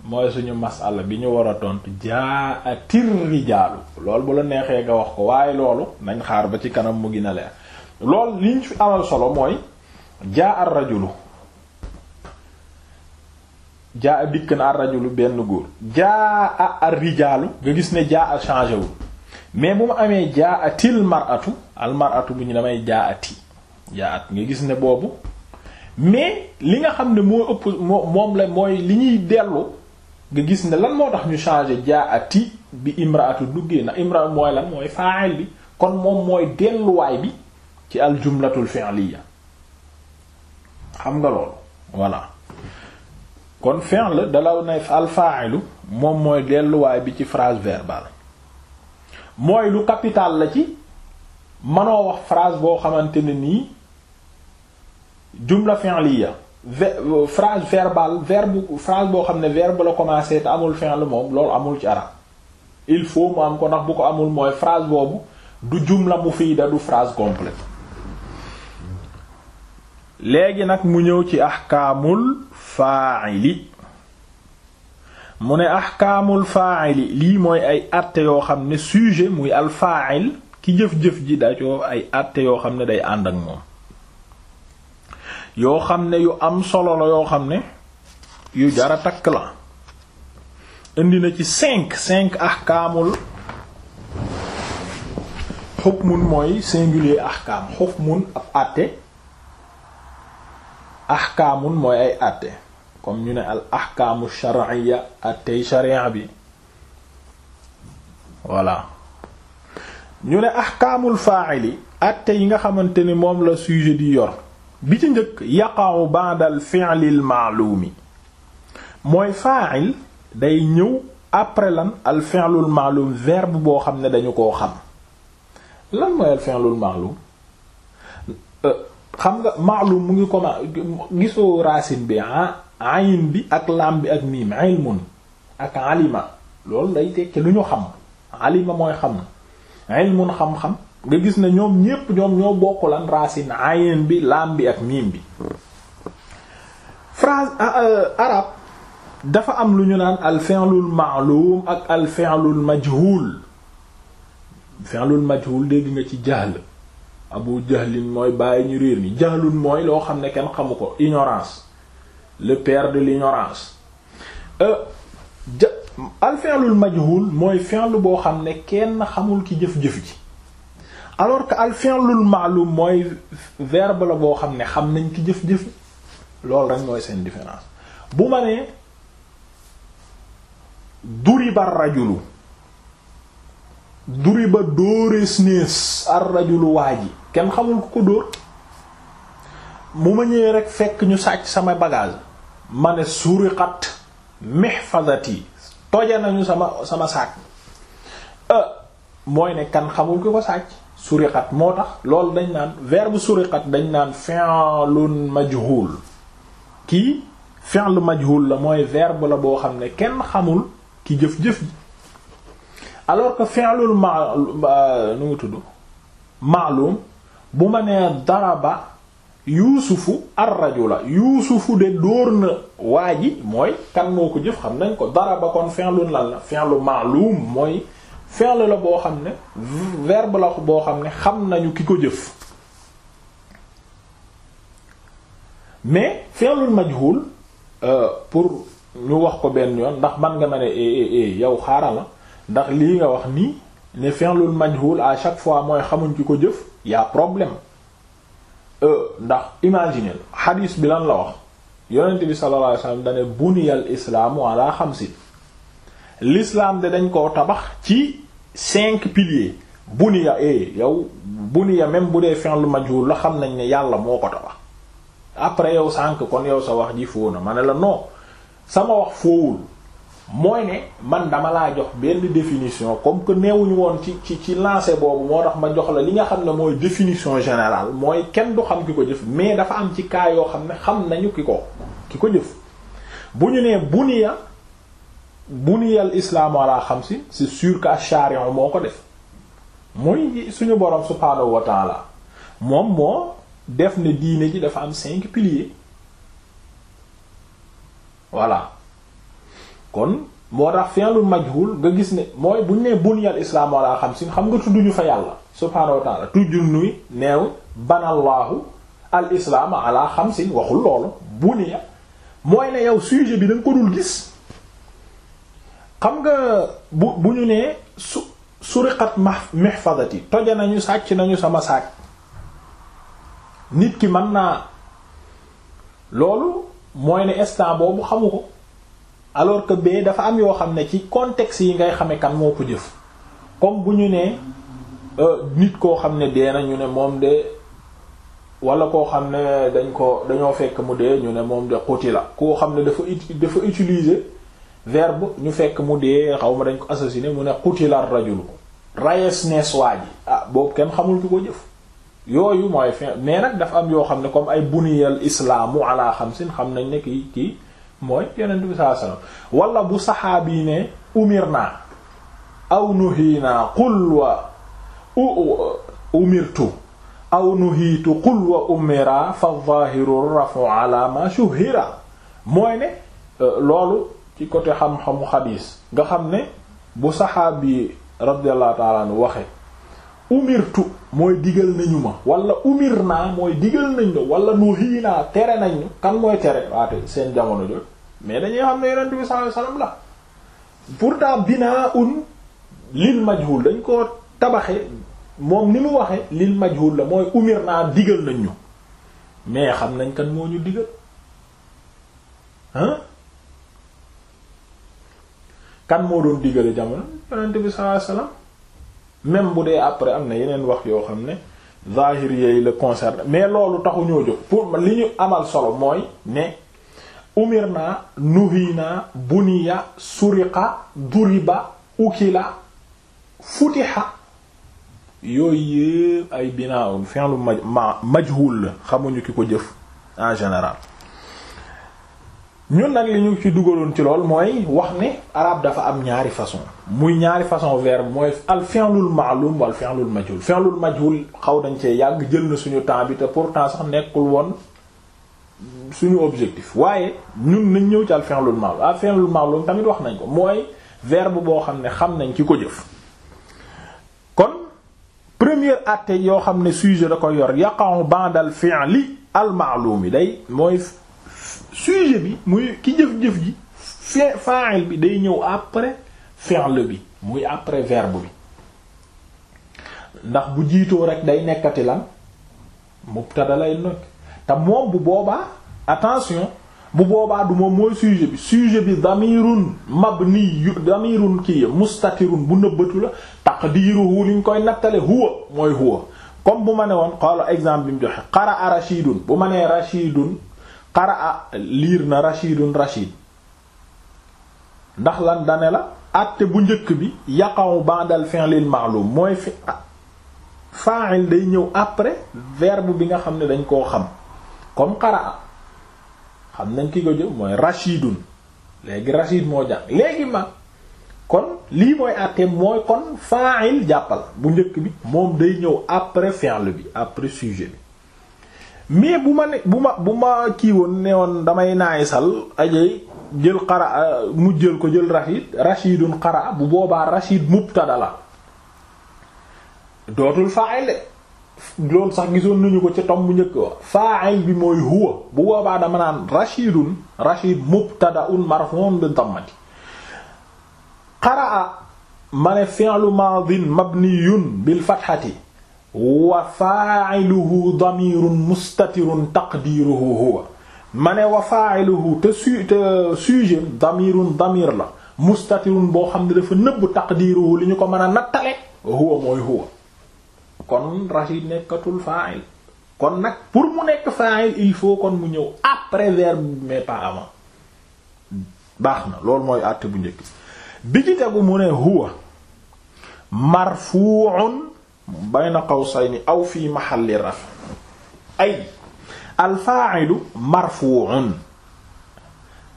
mooy suñu masala bi ñu war a tontu jaa atir rijaalu lool bu la neexee nga wax ko waaye loolu nañ xaar ba ci kanam mu gën a lool loolu liñ fi amal solo mooy jaa ar rajulu jaa a dikk na ar rajulu benn góor jaa a ar rijaalu nga gis ne jaa a changé wul mais bu mu amee jaa atil maratu al maratu bu ñu damay jaa ati jaa at nga gis ne boobu mais li nga xam ne moo ëpp moom la mooy li ñuy dellu nga gis ne lan moo tax ñu changé jaati bi imraatu duggee na imra mooy lan mooy fa'il bi kon moom mooy delluwaay bi ci al jumlatul xam nga loolu voilà kon fi'l dalaw ne al fa'ilu delluwaay bi ci phrase verbale mooy lu capital la ci mënoo wax phrase boo xamante ne nii jumla fi'liya phrase verbale verbe phrase boo xam ne verbe la commencé te amul fi'l moom loolu amul ci arab il faut mu am ko ko amul mooy phrase boobu du jumla mufiida du phrase complète léegi nag mu ñëw ci axkaamul faa'ili mu ne axkaamul faa'ili lii mooy ay àtte yoo xam ne sujet muy al faa'il ki jëf-jëf ji dacoo ay àtte yoo xam ne day ànd ak moom yoo xam ne yu am solo la yoo xam ne yu jara takk la indi na ci cinq cinq ahkaamul xukmun mooy singulier ahkaam xukmun ab àtte ahkaamun mooy ay àtte comme ñu ne al ahkaamu shar'iyya àttey sharia bi voilà ñu ne ahkaamul faa'ili àtte yi nga xamante ni moom la sujet di yor bi ci njëkk yaqa'u ba'da al fi'li al ma'lumi mooy fa'il day ñëw après lan al fi'lu al ma'lum boo xam ne dañu ko xam lan mooy al fi'lu al euh, xam nga ma'lum mu ngi comme gisoo racine bi ah ayin bi ak lam bi ak miim ilmun ak alima loolu day tekki lu ñu xam alima mooy xam ilmun xam-xam nga gis ne ñoom ñépp ñoom ñoo bokk lan racine ayin bi laam bi ak miim bi phrase ah, euh, arabe dafa am lu ñu naan al fi'lul ma'lum ak al fi'lul majhul fi'lul dégg nga ci jahl abu jahlin mooy bàyyi ñu réer ni jahlun mooy loo xam ne kenn xamu ko ignorance le père de l'ignorance euh, ja al fi'lul mooy fi'l boo xam ne kenn xamul ki jëf-jëf ji alors que al fi'lul ma'lum mooy verbe la boo xam ne xam nañ ci jëf-jëf lool rek mooy seen différence bu ma nee ba rajulu duriba dóorees nees ar rajulu waa yi kenn xamul ku ko dóor mu ma ñëwee rekk fekk ñu sàcc sama bagage ma ne suriqat mihfazati toje nañu sama sama sàcc euh mooy ne kan xamul ku ko sàcc suriqat moo tax loolu dañ naan verbe suriqat dañ naan fi'lun majhul kii fi'l majhul la mooy verbe la boo xam ne kenn xamul ki jëf-jëf ji alors que fi'lul ma nu mu tudd maalum bu ma nee daraba yuusufu ar-rajula yuusufu de dóor na waa ji mooy kan moo ko jëf xam nañ ko daraba kon fi'lun la la fi'lu maalum mooy fi'l la boo xam ne verbe la boo xam ne xam nañu ki ko jëf mais fi'lul majhul euh, pour ñu wax ko benn yoon ndax man nga ma ne eh, eh, eh, yow xaaral la ndax lii nga wax nii ne fi'lul majhul à chaque fois mooy xamuñ ki ko jëf yaa problème euh, ndax imaginer xadiis bi lan la wax yonent bi sallallahu alayhi wasallam dane buniyal islaamu xam si lislaam de dañ koo tabax ci cinq piliers buniya eh yow buniya même bu dee fi'l majhul la xam nañ ne yàlla moo ko tabax après yow sànq kon yow sa wax ji foo na ma ne la non sama wax foowul mooy ne man dama laa jox benn définition comme que neewuñu woon ci ci ci lancé boobu moo tax ma jox la li nga xam ne mooy définition générale mooy kenn du xam ki ko jëf mais dafa am ci cas yoo xam ne xam nañu ki ko ki ko jëf bu ñu nee buniya buniyal islaamu ala xamsin c'est sûr que Asharion moo ko def muy suñu borom subhaanahu wa taala moom moo def ne diine ji dafa am cinq piliers voilà kon moo tax fi'lul majhul nga gis ne mooy buñ nee buniyal islaamu ala xamsin xam nga tudduñu fa yàlla subhaanahu wa taala tuddu nuy neew banallaahu al islaama ala xamsin waxul loolu buniya mooy ne yow sujet bi da ko dul gis xam nga bu bu ñu nee su suriqat ma mihfadati toje nañu sàcc nañu sama saak nit ki mën naa loolu mooy ne instant boobu xamu ko alors que bee dafa am yoo xam ne ci contexte yi ngay xame kan moo ko jëf comme bu ñu nee euh, nit koo xam ne dee na ñu ne moom de wala koo xam ne dañ ko dañoo fekk mu dee ñu ne moom de xuti la koo xam ne dafa dafa utiliser verbe ñu fekk mu dee xaw ma dañ ko assassiné mu ne qutila ar-rajulu rayes nees waa ji ah boobu kenn xamul ki ko jëf yooyu mooy fin mais nag dafa am yoo xam ne comme ay buniyal islaamu ala xamsin xam nañ ne kii kii mooy yonent bi sallallahu alayhi wasallam wala bu saxaabi ne umirna aw nuhiina qul wa umirtu aw nuhiitu qul wa umira fa zahiru rafu ala ma shuhira mooy ne euh, loolu ci côté xam-xamu xadiis nga xam ne bu saxaabi radiyallahu ta'ala anhu waxe umirtu mooy digal nañu ma walla umir naa mooy digal nañ la wala nuhii naa tere nañu kan mooy tere waate seen jamono jot mais dañuy xam ne yonent bi sallallahu la pourtant binaa'un lil majhul dañ ko tabaxe moom ni mu waxe lil majhul la mooy umir naa digal nañ ñu mais xam nañ kan moo ñu digal ah kan moo doon digale jamono yonent bi sallallahu alayhi même bu dee après am na yeneen wax yoo xam ne zahir yeey la concerne mais loolu taxu ñoo jóg pour li ñu amal solo mooy ne umir naa nuhi naa buniya suriqa duriba ukila futiha yooyu yëpp ay binaa un fi'lu ma majhul la xamuñu ki ko jëf en général ñun nag li ñu ci dugaloon ci lool mooy wax ne arab dafa am ñaari façon muy ñaari façon verbe mooy al fi'lul ma'lum wal fi'lul majhul fi'lul majhul xaw dañ cee yàgg jël na suñu temps bi te pourtant sax nekkul woon suñu objectif waaye ñun nañ ñëw ci al fi'lul ma'lum al fi'lul ma'lum tamit wax nañ ko mooy verbe boo xam ne xam nañ ci ko jëf kon première atte yoo xam ne sujet da ko yor yaqa'u ba'dal fi'li al ma'lum yi day mooy sujet bi muy ki jëf-jëf ji fin fa'il bi day ñëw après fi'l bi muy après verbe bi ndax bu jiitoo rek day nekkati lan mubtada dalay nekk te moom bu boobaa attention bu boobaa du moom mooy sujet bi sujet bi damirun mabni damirun kii mustatirun bu nëbbatu la taqdiruhu liñ koy nattale huwa mooy huwa comme bu ma ne woon xoola exemple bi mu joxe qara'a rashidun bu ma nee rashidun qaraa ah, liir na rashidun rashid ndax lan dane la àtte bu njëkk bi yaqaw dal fi'lil ma'lum mooy fi ah, fa'il day ñëw après verbe bi nga xam ne dañ koo xam comme qaraa ah, xam nañ ki ko jël mooy rashidun léegi rashid moo jàng léegi ma kon lii mooy àtte mooy kon fa'il jàppal bu njëkk bi moom day ñëw après fi'l bi après sujet bi mais bu ma ne bu ma bu ma kii woon ne woon damay naay sal ajay jël xara euh, mu jël ko jël rashid rashidun xara bu boobaa rashid mubtada la dootul fa'il loolu sax gisoon nañu ko ci tomb bu njëkk wa fa'il bi mooy huwa bu boobaa dama naan rashidun rashid mubtada'un marfu'un bi dammati xara ma ne fi'lu madin mabniyun bil fathati wa fa'iluhu damirun mustatirun taqdiruhu huwa ma ne wa fa'iluhu te su te sujet damirun damir la mustatirun boo xam ne dafa nëbb taqdiruhu li ñu ko mën a nattale huwa mooy huwa kon Rachid nekkatul fa'il kon nag pour mu nekk fa'il il faut kon mu ñëw après verbe mais pas avant baax na loolu mooy àtte bu njëkk bi ci tegu mu ne huwa marfu'un bayna ni aw fi mahalli raf ay al fa'ilu marfu'un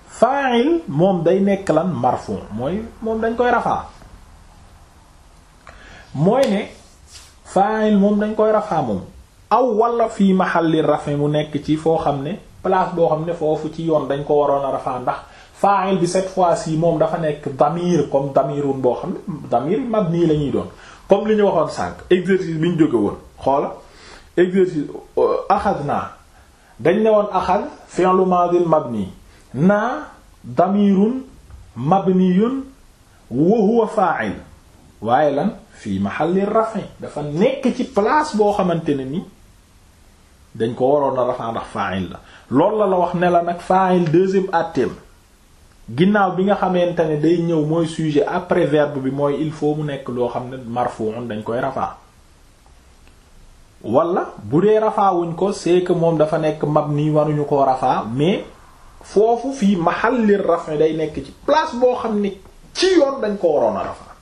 fa'il moom day nekk lan marfu' mooy moom dañ koy rafaa mooy ne moom dañ koy rafaa moom aw wala fi mahalli raf'i mu nekk ci foo xam ne place boo xam ne foofu ci yoon dañ ko waroon a rafaa ndax fa'il bi cette fois-ci moom dafa nekk damir comme damirun boo xam ne damir mabni lañuy doon comme li ñu waxoon sànq exercice bi ñu jóge woon xoola exercice euh, axad naa dañ ne woon axad fi'lu madil mabni naa damirun mabniyun wa huwa fa'il waaye lan fii mahalli rafin dafa nekk ci place boo xamante ne ni dañ ko waroon a rafaa ndax fa'il la loolu la la wax ne la nag fa'il deuxième atem ginnaaw bi nga xamante ne day ñëw mooy sujet après verbe bi mooy il faut mu nekk loo xam ne marfu'un dañ koy rafaa wala bu dee rafaa ko c'est moom dafa nekk mabni waruñu ko rafaa mais foofu fii mahallir raf'i day nekk ci place boo xam ne ci yoon dañ ko waroon a rafaa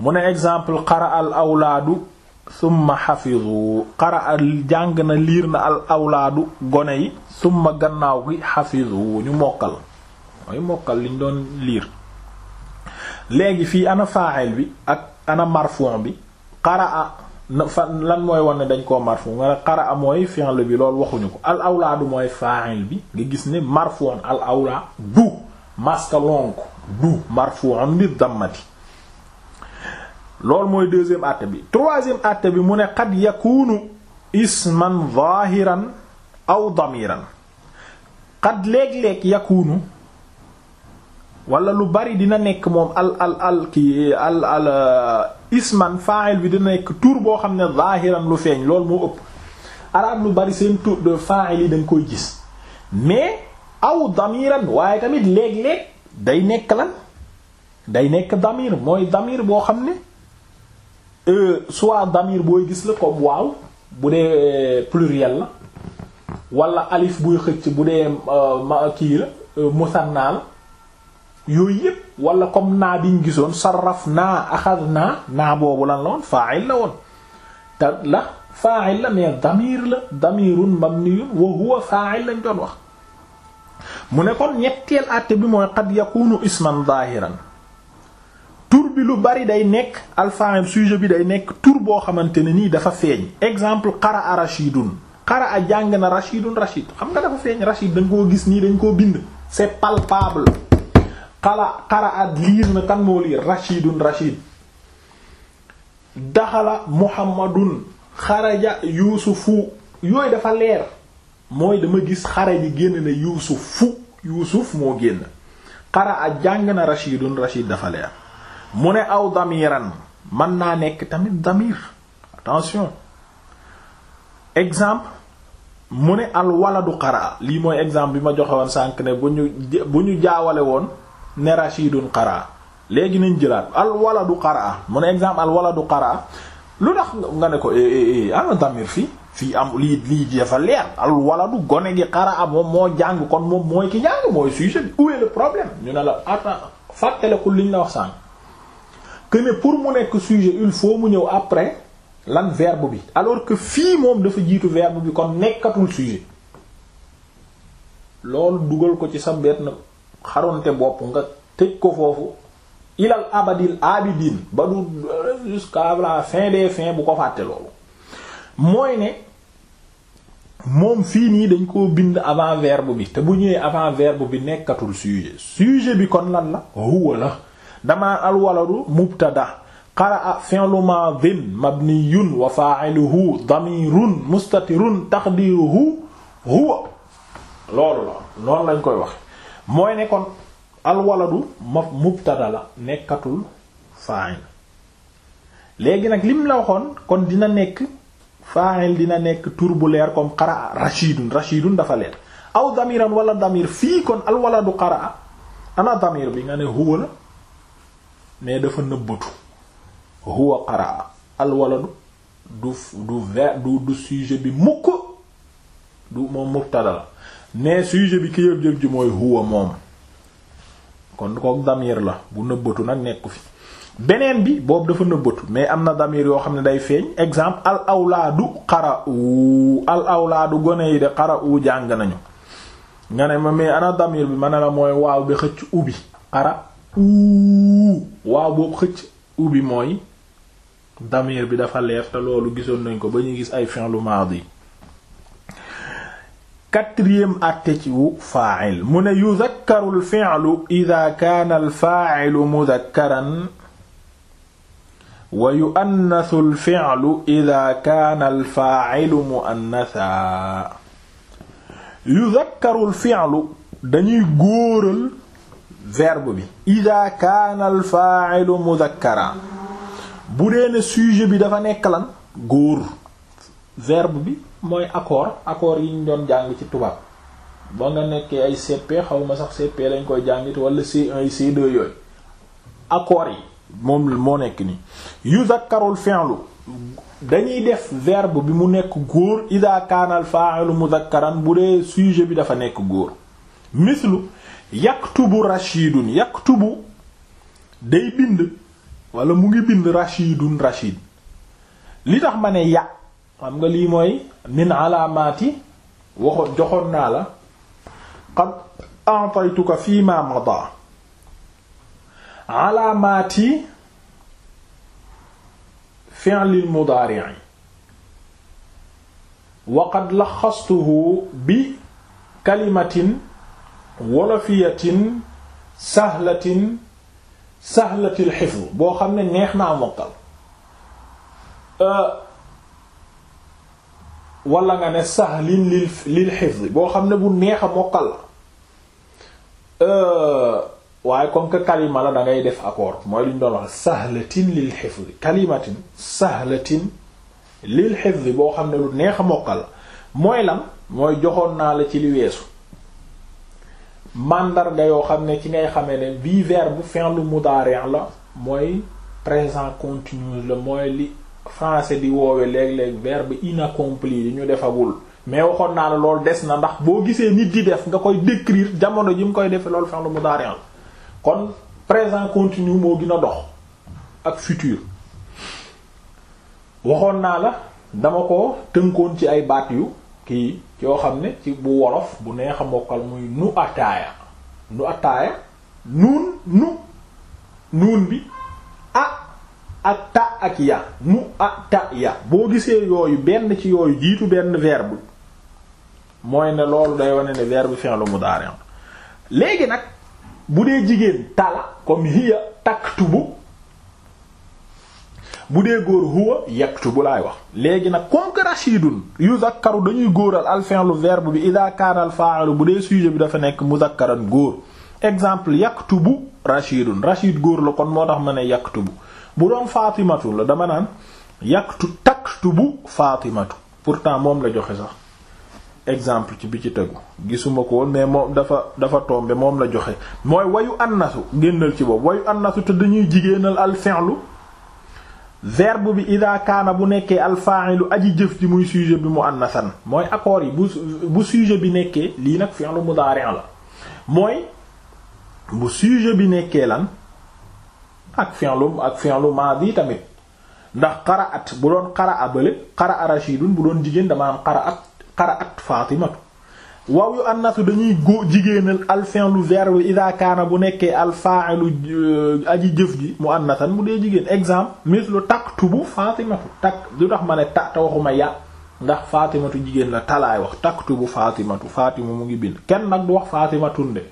mu ne exemple qara al awlaadu summa xafizu qara al jàng na liir na al awlaadu gone yi summa gannaaw gi xafizu ñu mokkal mooy mokkal liñ doon liir léegi fii ana fa'il bi ak ana marfon bi qaraa fa lan mooy won ne dañ koo marfon nga qaraa mooy fi'l bi lool waxuñu ko al awlaadu mooy fa'il bi nga gis ne marfon al awla du maska lonk du marfon bi dammati loolu mooy deuxième àtte bi troisième àtte bi mu ne qad yakunu isman zahiran aw damiran qad léeg-léeg yakunu wala lu bari dina nekk moom al al al ki al al uh, isman fa'il bi dina nekk tur boo xam ne zahiran lu feeñ lool moo ëpp arab lu bari seen tur de fa'il yi dañ koy gis mais aw damiran waaye tamit léeg-léeg day nekk lan day nekk damir mooy damir boo xam ne euh, soit damir booy gis la comme waaw bu dee euh, pluriel la wala alif buy xëcc bu dee euh, kii la musanna la yooyu yépp wala comme naa biñ gisoon sarraf naa axad naa naa boobu lan la woon fa'il la woon te la fa'il la mais damir la damirun mabniyun wa huwa fa'il lañ doon wax mu ne kon ñetteel àtte bi mooy qad yakunu isman zahiran tur bi lu bari day nekk al fa'il bi day nekk tur boo xamante ne nii dafa feeñ exemple qara'a rashidun qara'a jàng na rashidun rashid xam nga dafa feeñ rashid dañ koo gis nii dañ koo bind c'est palpable xala xaraat liir na kan moo liir rashidun rashid daxala muhammadun xaraja yuusufu yooyu dafa leer mooy dama gis xaraji génn na yuusufu yuusuf moo génn xaraat jàng na rashidun rashid dafa leer mu ne aw damiran mën naa nekk tamit damir attention exemple mu ne al waladu xaraa lii mooy exemple bi ma joxe woon ne bu ñu ñu jaawale woon ne rashidun qaraa léegi nañ jëlaat alwaladu qaraa mu ne exemple alwaladu qaraa lu tax nga ne ko eh, eh, eh, ana damir fii fii am lii lii dafa leer alwaladu gone gi qaraa moom moo jàng kon moom mooy ki jàng mooy sujet bi où est le problème ñu ne la attends fàttalekul liñ la wax sànq que pour mu nekk sujet il faut mu ñëw après lan verbe bi alors que fii moom dafa jiitu verbe bi kon nekkatul sujet loolu dugal ko ci sa benn xaronte bopp nga tëj ko foofu ilal abadil abidin ba du jusqu'à la fin des fin bu ko fàtte loolu mooy ne moom fii nii dañ koo bind avant verbe bi te bu ñëwee avant verbe bi nekkatul sujet sujet bi kon lan la huwa la damaa alwaladu mubtada qaraa fi'lu maadin mabniyun wa fa'iluhu damirun mustatirun taqdiruhu huwa loolu la noonu lañ koy wax mooy ne kon alwaladu ma mubtada la nekkatul fa'il léegi nag lim la waxoon kon dina nekk fa'il dina nekk tur bu leer comme qara rashidun rashidun dafa leer aw damiran wala damir fii kon alwaladu qara ana damir bi nga ne huwa la mais dafa nëbbatu huwa qara alwaladu du du ver du du bi mukk du moom mubtada la mais sujet bi ki yëf-jëf ji mooy huwa moom kon kook damir la bu nëbbatu nag nekku fi beneen bi boobu dafa nëbbatu mais am na damir yoo xam ne day feeñ exemple al awlaadu qara'u al awlaadu gone yi de qara'u jàng nañu nga ne ma mais ana damir bi ma ne la mooy waaw bi xëcc ubbi qara'u waaw boobu xëcc ubbi mooy damir bi dafa leer te loolu gisoon nañ ko ba ñuy gis ay fi'lu maadi quatrième àtte ci wu faa'il mu ne yudakkaru alfi'lu ida kaana alfaa'ilu mudakkaran wa yuannasu alfi'lu ida kaana alfaa'ilu muannasa yudakkaru alfi'lu dañuy góoral verbe bi ida kaana alfaa'ilu mudakkaran bu dee ne sujet bi dafa nekk lan góor verbe bi mooy accord accord yi ñu doon jàng ci tubaab ba nga nekkee ay CP xaw ma sax CP lañ koy jàngit wala C1 yi C2 yooyu accord yi moom moo nekk nii ni yuzakkarul fi'lu dañuy def verbe bi mu nekk góor ida kaanal fa'ilu muzakkaran bu dee sujet bi dafa nekk góor mislu yaktubu rashidun yaktubu day bind wala mu ngi bind rashidun rashid li tax ma ne ya xam nga lii mooy min alaamaati waxo joxoon naa la qad a'taytuka fii ma mada alaamaati fi'lil mudaari'i wa qad laxastuhu bi kalimatin wolofiyatin sahlatin sahlatil xifz boo xam ne neex naa mokkal euh, wala nga ne sahlin lil lil xifdi boo xam ne bu neex a mokkal la euh, waaye comme que kalima la dangay def accord mooy luñ ñu doon wax sahlatin lil xifdi kalimatin sahlatin lil xifdi boo xam ne lu neex a mokkal la mooy lan mooy joxoon naa la ci li weesu màndarga yoo xam ne ci ngay xame ne bii verbe bu fin lu mudaari' la mooy présent continu la mooy li français di woowe léeg-léeg verbe inaccompli yi ñu defagul mais waxoon naa la lool des na ndax boo gisee nit di def nga koy décrire jamono ji mu koy defee loolu fi'l mudari' la kon présent continue moo gën a dox ak futur waxoon naa la dama ko tënkoon ci ay baat yu kii yoo xam ne ci bu wolof bu neex a mokkal muy nu ataaya nu ataaya nuun nu nuun bi ak ta ak ya mu ak ta ya boo gisee yooyu benn ci yooyu jiitu benn verbe mooy ne loolu day wane ne verbe fi'l mudari' léegi nag bu dee jigéen tala comme hiya taktubu bu dee góor huwa yaktubu laay wax léegi nag comme que rashidun yuzakkaru dañuy góoral al fi'lu verbe bi idha kana al bu dee sujet bi dafa nekk muzakkaran góor exemple yaktubu rashidun rashid góor la kon moo tax ma ne yaktubu bu doon faatimatu la dama naan yaktu taktubu faatimatu pourtant moom la joxe sax exemple ci bi ci tegu gisuma ko woon mais moom dafa dafa tombe moom la joxe mooy wayu annasu génnal ci boobu wayu annasu te dañuy jigéenal al fi'lu verbe bi ida kaana bu nekkee al fa'ilu aji jëf ji muy sujet bi mu annasan mooy accord yi bu bu bi nekkee lii nag fi'lu mudari' la mooy bu sujet bi nekkee lan ak fi'lu ak fi'lu bi tamit ndax qara'at bu doon qara'a bële qara'a rashidun bu doon jigéen dama am qara'at qara'at fatimatu waaw yu annasu dañuy góo jigéenal al fi'lu verbe idha kaana bu nekkee al fa'ilu euh, aji jëf ji mu annasan mu dee jigéen exemple lu mislu taktubu fatimatu tak du tax ma ne ta te waxuma ya ndax fatimatu jigéen la talaay wax taktubu fatimatu fatima mu ngi bind kenn nag du wax fatimatun de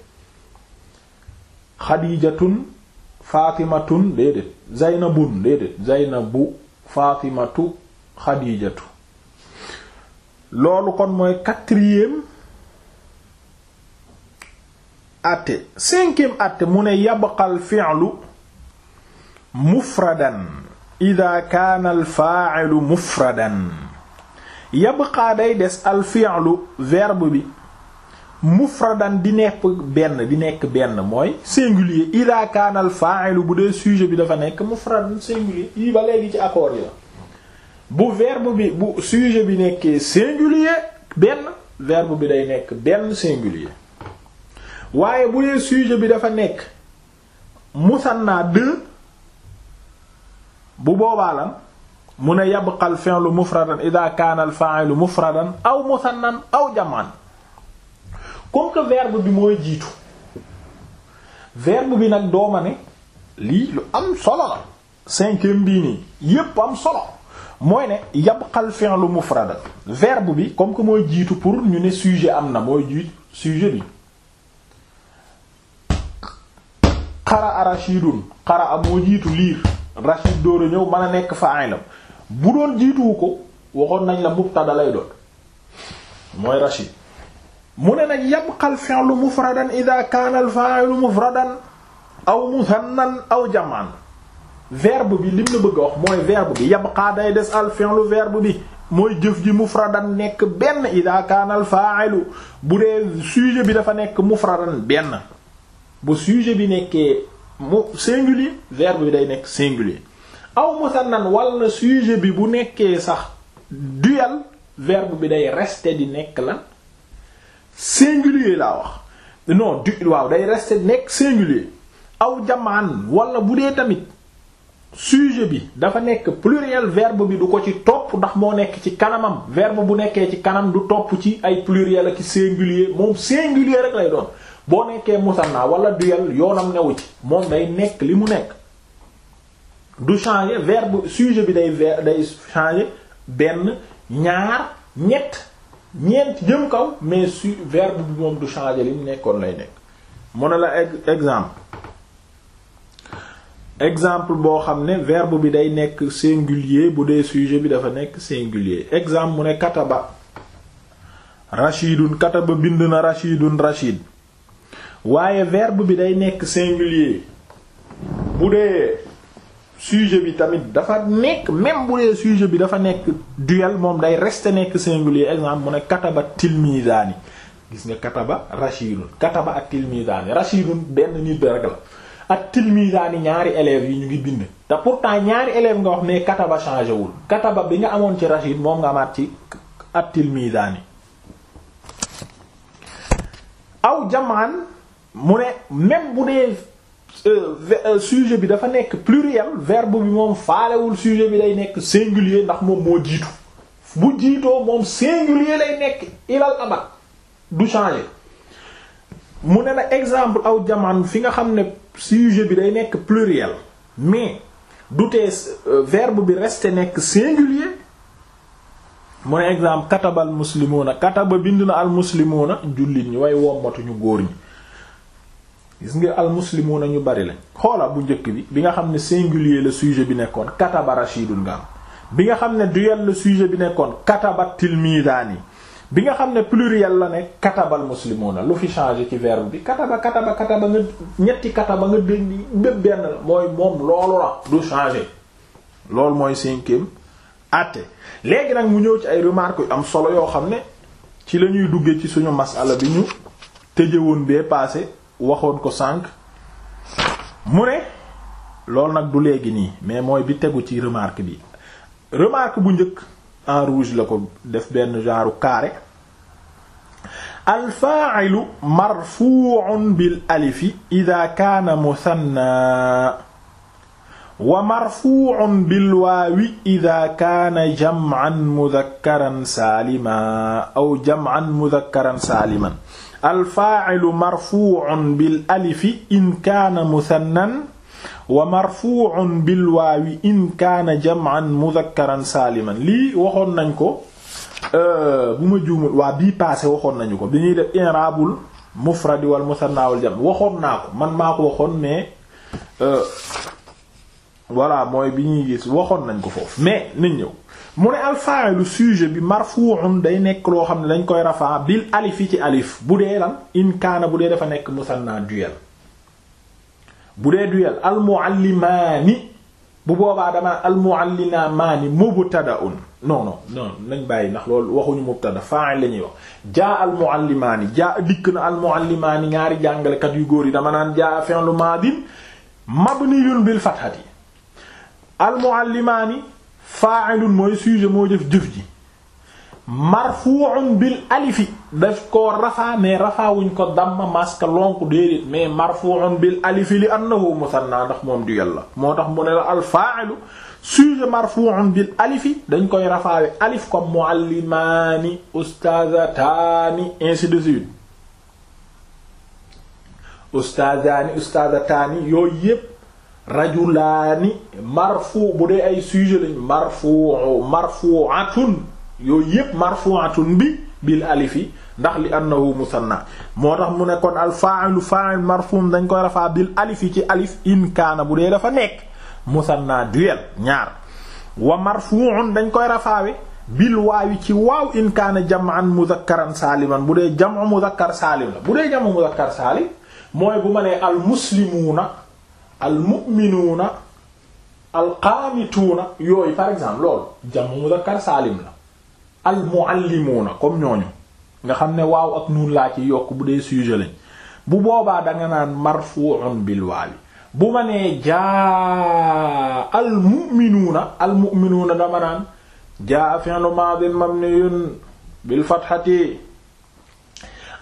faatimatun déedéet zaynabun déedéet zaynabu faatimatu xadiijatu loolu kon mooy quatrième atte cinquième atte mu ne yabqal fi'lu mufradan ida kaana al fa'ilu mufradan yabqaa day des al fi'lu verbe bi mufradan di nekk benn di nekk benn mooy singulier ida kaana al fa'ilu bu dee sujet bi dafa nekk mufradan singulier yi ba léegi ci accord yi la bu verbe bi bu sujet bi nekkee singulier benn verbe bi day nekk benn singulier waaye bu dee sujet bi dafa nekk musanna deux bu boobaa lan mu ne yabqa al fi'lu mufradan ida kaana al fa'ilu mufradan aw musannan aw jam'an comme que verbe bi mooy jiitu verbe bi nag dooma ne lii lu am solo la cinquième bii nii yépp am solo mooy ne yabqal fi'lu mufrada verbe bi comme que mooy jiitu pour ñu ne sujet am na mooy jiitu sujet bi qara'a rashidun qara'a moo jiitu liir rashid dóora ñëw man a nekk fa'ilam bu doon jiituwu ko waxoon nañ la mubtada lay doon mooy rashid mu ne nag yabqa al fi'lu mufradan idha kaana al fa'ilu mufradan aw muthannan aw jam'an verb bi lim la bëgg wax mooy verbe bi yabqa day des al fi'lu verbe bi mooy jëf ji mufradan nekk benn idha kaana al fa'ilu bu dee sujet bi dafa nekk mufradan benn bu sujet bi nekkee mu singulier verbe bi day nekk singulier aw muthannan walla sujet bi bu nekkee sax duyal verbe bi day reste di nekk la singulier laa wax non du waaw day rester nekk singulier aw jamaan walla bu dee tamit sujet bi dafa nekk pluriel verbe bi du ko ci topp ndax moo nekk ci kanamam verbe bu nekkee ci kanam du topp ci ay pluriel ak singulier moom singulier rek lay doon boo nekkee naa wala duel yoonam newu ci moom day nekk li mu nekk du changer verbe sujet bi day ver day changer benn ñaar ñett ñeent jëm kaw mais su verbe bi moom du changer li mu nekkoon lay nekk mu ne la exemple exemple boo xam ne verbe bi day nekk singulier bu dee sujet bi dafa nekk singulier exemple mu ne kataba rachidun kataba bind na rachidun rachid waaye verbe bi day nekk singulier bu dee sujet bi tamit dafa nekk même bu dee sujet bi dafa nekk duel moom day rester nekk singulier exemple mu ne kataba tilmizaani gis nga kataba rashidun kataba ak tilmizaani rashidun benn nit bi rek la ak tilmizaani ñaari élèves yi ñu ngi bind te pourtant ñaari élèves nga wax ne kataba changé wul kataba bi nga amoon ci rashid moom nga amaat ci ak tilmizaani aw jamaan mu ne même bu dee Euh, euh, sujet bi dafa nekk pluriel verbe bi moom faalewul sujet bi day nekk singulier ndax moom moo jiitu bu jiitoo moom singulier lay nekk ilal abad du changer mu ne la exemple aw jamaan fi nga xam ne sujet bi day nekk pluriel mais du tee euh, verbe bi reste nekk singulier mu ne exemple katabal muslimuna kataba bind na al muslimuna jullit ñi way wommatuñu góor ñi gis nga al na ñu bari lañ xoola bu njëkk bi bi nga xam ne singulier le sujet bi nekkoon kataba rashidun nga am bi nga xam ne duel le sujet bi nekkoon kataba tilmidaani bi nga xam ne pluriel la ne katabal na lu fi changé ci verbe bi kataba kataba kataba nga ñetti kataba nga déndi bépp benn mooy moom loolu la du changé loolu mooy cinquième atte léegi nag mu ñëw ci ay remarque yu am solo yoo xam ne ci la ñuy duggee ci suñu masala bi ñu tëjewoon bee passé waxoon ko sànq mu loolu nag du léegi nii mais mooy bi tegu ci remarque bi remarque bu njëkk en rouge la ko def benn genre carré al fa'ilu marfu'un bil alifi idha kana muthanna wa marfu'un bil waawi idha kaana jam'an mudhakkaran saaliman aw jam'an mudhakkaran saaliman alfaacilu marfuucun bil alifi in kaana musannan wa marfuucun bil waawi in kaana jamcan mudakkaran saaliman lii waxoon nañ ko euh, bu ma juumul waa bii passé waxoon nañu ko bi ñuy def i'raabul mufradi wal musanna wal jam waxoon naa ko man maa ko waxoon mais euh, voilà mooy bi ñuy gis waxoon nañ ko foofu mais nañ ñëw mu ne alfa'ilu sujet bi marfu'un day nekk loo xam ne dañ koy rafaa bil alif yi ci alif bu dee lan in kaana bu dee dafa nekk musanna duel bu dee duel almuallimaani bu boobaa dama almuallimaani mubtada'un non non non nañ bàyyi ndax loolu waxuñu mubtada fa'il la ñuy wax jaa almuallimaani jaa dikk na almuallimaani ñaari jàngalekat yu góor yi dama naan jaa fi'lu maadin mabniyun bil fathati almuallimaani fa'ilun mooy sujet moo def jëf ji marfu'un bil alifi daf koo rafaa mais rafaa wuñ ko damma maska lonku déedéet mais marfu'un bil alifi li annahu musanna ndax moom du yàlla moo tax mu ne la al fa'ilu sujet marfu'un bil alifi dañ koy rafaawe alif comme muallimaani ustaazataani ainsi de suite ustaazataani yooyu yépp rajulaani marfu bu dee ay sujet lañ marfu marfu'atun yooyu yépp bi bil alifi ndax li annahu musanna moo tax mu ne kon al fa'ilu fa'il marfuum dañ koy rafaa bil alifi ci alif in kaana bu dee dafa nekk musanna duel ñaar wa marfu'un dañ koy rafaawe bil waawi ci waaw in kaana jam'an mudhakkaran saaliman bu dee jam'u mudhakkar saalim bu dee jam'u mudhakkar saalim mooy bu ma al muslimuuna al mu'minuuna al qaanituuna yooyu par exemple loolu jamu muzakkar saalim la al comme ñooñu nga xam ne waaw ak nuun laa ci yokk bu dee sujet bu boobaa danga naan marfu'un bil waawi bu ma nee jaa al mu'minuuna dama naan jaa fi'lu maadin mabniyun bil fathati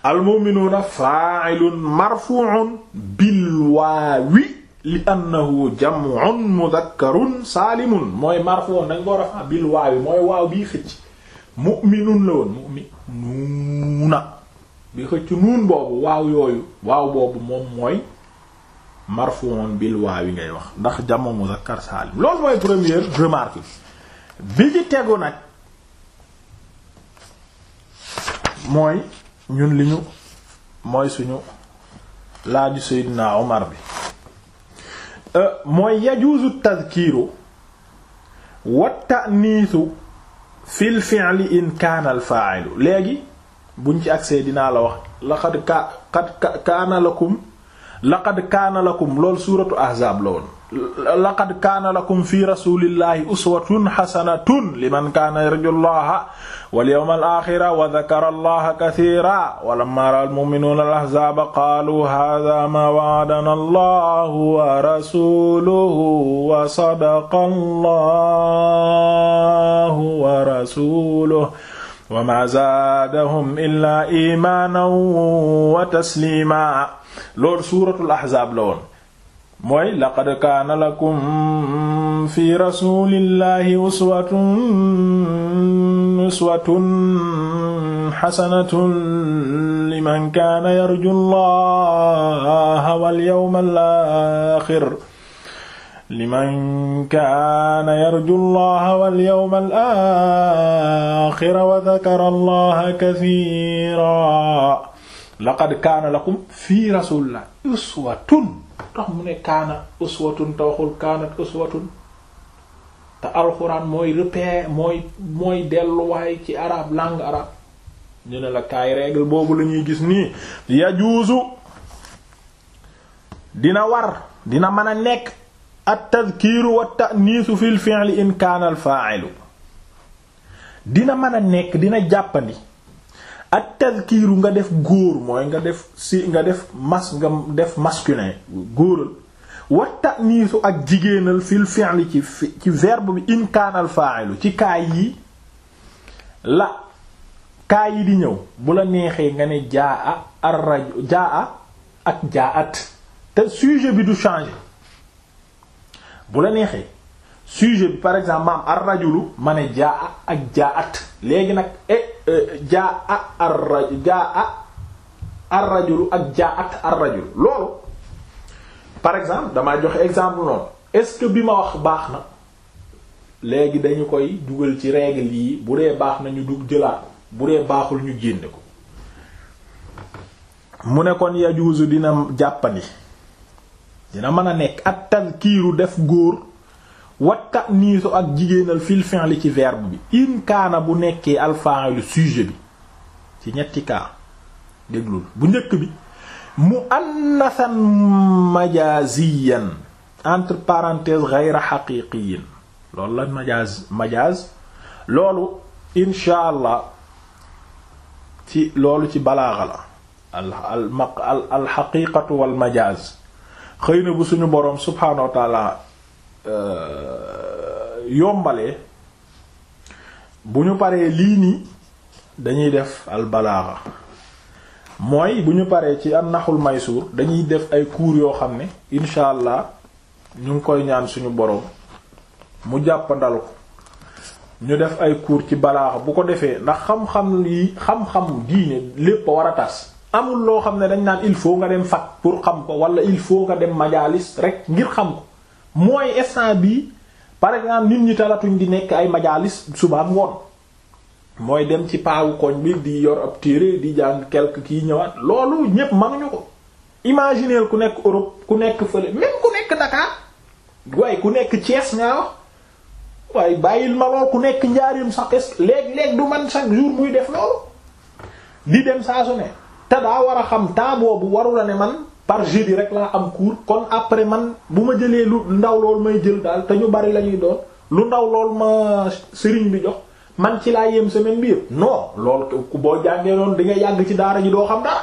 al mu'minuuna faa'ilun marfu'un bil waawi li annahu jam'un mudhakkarun saalimun mooy marfo nag boo rafa bil waawi mooy waaw bii xëcc mu'minun la woon mu'minuuna bi xëcc nuun boobu waaw yooyu waaw boobu moom mooy marfuun bil waawi ngay wax ndax jam'u mudhakkar saalim loolu mooy première remarque bi ci tegu nag mooy ñun li ñu mooy suñu laaju Seydina Omar bi Euh, mooy yajuuzu tadkiiru wa ta'niisu fil fi'li in kaana al faa'ilu léegi buñ ci agsee dinaa la wax laqad ka qad kaana lakum laqad kaana lakum lool suuratu ahzaab la woon laqad kaana lakum fi rasulillahi uswatun hasanatun liman kaana yarjullaha wal yawmal aaxira wa dakara allaha kasiira wa lammaa ra'al mu'minuuna al ahzaaba qaalu haaza maa wa'adana allahu wa rasuuluhu wa sadaqa allahu wa rasuuluhu wa maa zaadahum illaa iimaanan wa tasliimaa loolu suuratul ahzaab la woon mooy laqad kaana lakum fi rasulillahi uswatun uswatun hasanatun liman kaana yarju llaha wal yawmal aaxir liman kaana yarju llaha wal yawmal aaxir wa dhakara llaha kathiira laqad kaana lakum fi rasulillahi uswatun tax mu ne kaana uswatun te waxul kaanat uswatun te alxuraan mooy repère mooy mooy delluwaay ci arabe langue arabe ñu ne la kaay règle boobu la ñuy gis nii yajuuzu dina war dina mën a nekk at tadkiiru wa ta'niisu fil fi'li in kaana al dina mën a nekk dina jàppandi ak tazkiiru nga def góor mooy nga def si mas nga def masculin góoral wa ta'niisu ak jigéenal fil fi'li ci ci verbe bi in kaana ci kaay yi la kaay yi di ñëw bu neexee nga ne jaa a ak jaa at te sujet bi du changer bu neexee sujet bi par exemple ma am ar rajulu ma ne jaa ak jaa at léegi nag e jaa a ar jaa a ar ak jaa at ar loolu par exemple damaa joxe exemple noonu est-ce que bi ma wax baax na léegi dañu koy dugal ci règle yi bu dee baax na ñu dug jëlaat bu dee baaxul ñu génne ko mu ne kon yajuuzu dina jàppandi dina mën a nekk at tadkiiru def góor watta niisu ak jigéenal fil fi'li ci verbe bi in kaana bu nekkee al fa'ilu sujet bi ci ñetti cas déglul bu njëkk bi mu'annathan majaziyan entre parenthèses ghayra haqiqiyin loolu la majaz majaz loolu insha allah ci loolu ci balaaxa la al al al al haqiqatu wal majaz xëy na bu suñu boroom subhaanahu wa Euh, yombalee bu ñu paree lii nii dañuy def al balaaxa mooy bu ñu paree ci an-Nahul Maysûr dañuy def ay cours yoo xam ne incha allah ñu ngi koy ñaan suñu borom mu jàppandal ko ñu def ay cours ci balaaxa bu ko defee ndax xam-xam yi xam-xam diine lépp war a tas amul loo xam ne dañ naan il faut nga dem fac pour xam ko wala il faut nga dem majalis rek ngir xam ko mooy instant bi par exemple nit ñi talatuñ di nekk ay majalis subaab ngoon mooy dem ci paawu koñ bi di yor ab téere di jàng quelque ki ñëwaat loolu ñépp mënuñu ko imaginer ku nekk Europe ku nekk fële même ku nekk Dakar waaye ku nekk Thiès nga wax waaye bàyyil ma lool ku nekk njaarim sax léeg-léeg du man chaque jour muy def loolu di dem saa su ne te daa war a xam temps bu waru la ne man par jeudi rek laa am cours kon après man bu ma jëlee lu ndaw loolu may jël daal te ñu bari lañuy doon lu ndaw loolu ma sëriñ bi jox man ci laa yem semaine bi yëpp non lool ku boo jàngee noonu di nga yàgg ci daara ji doo xam dara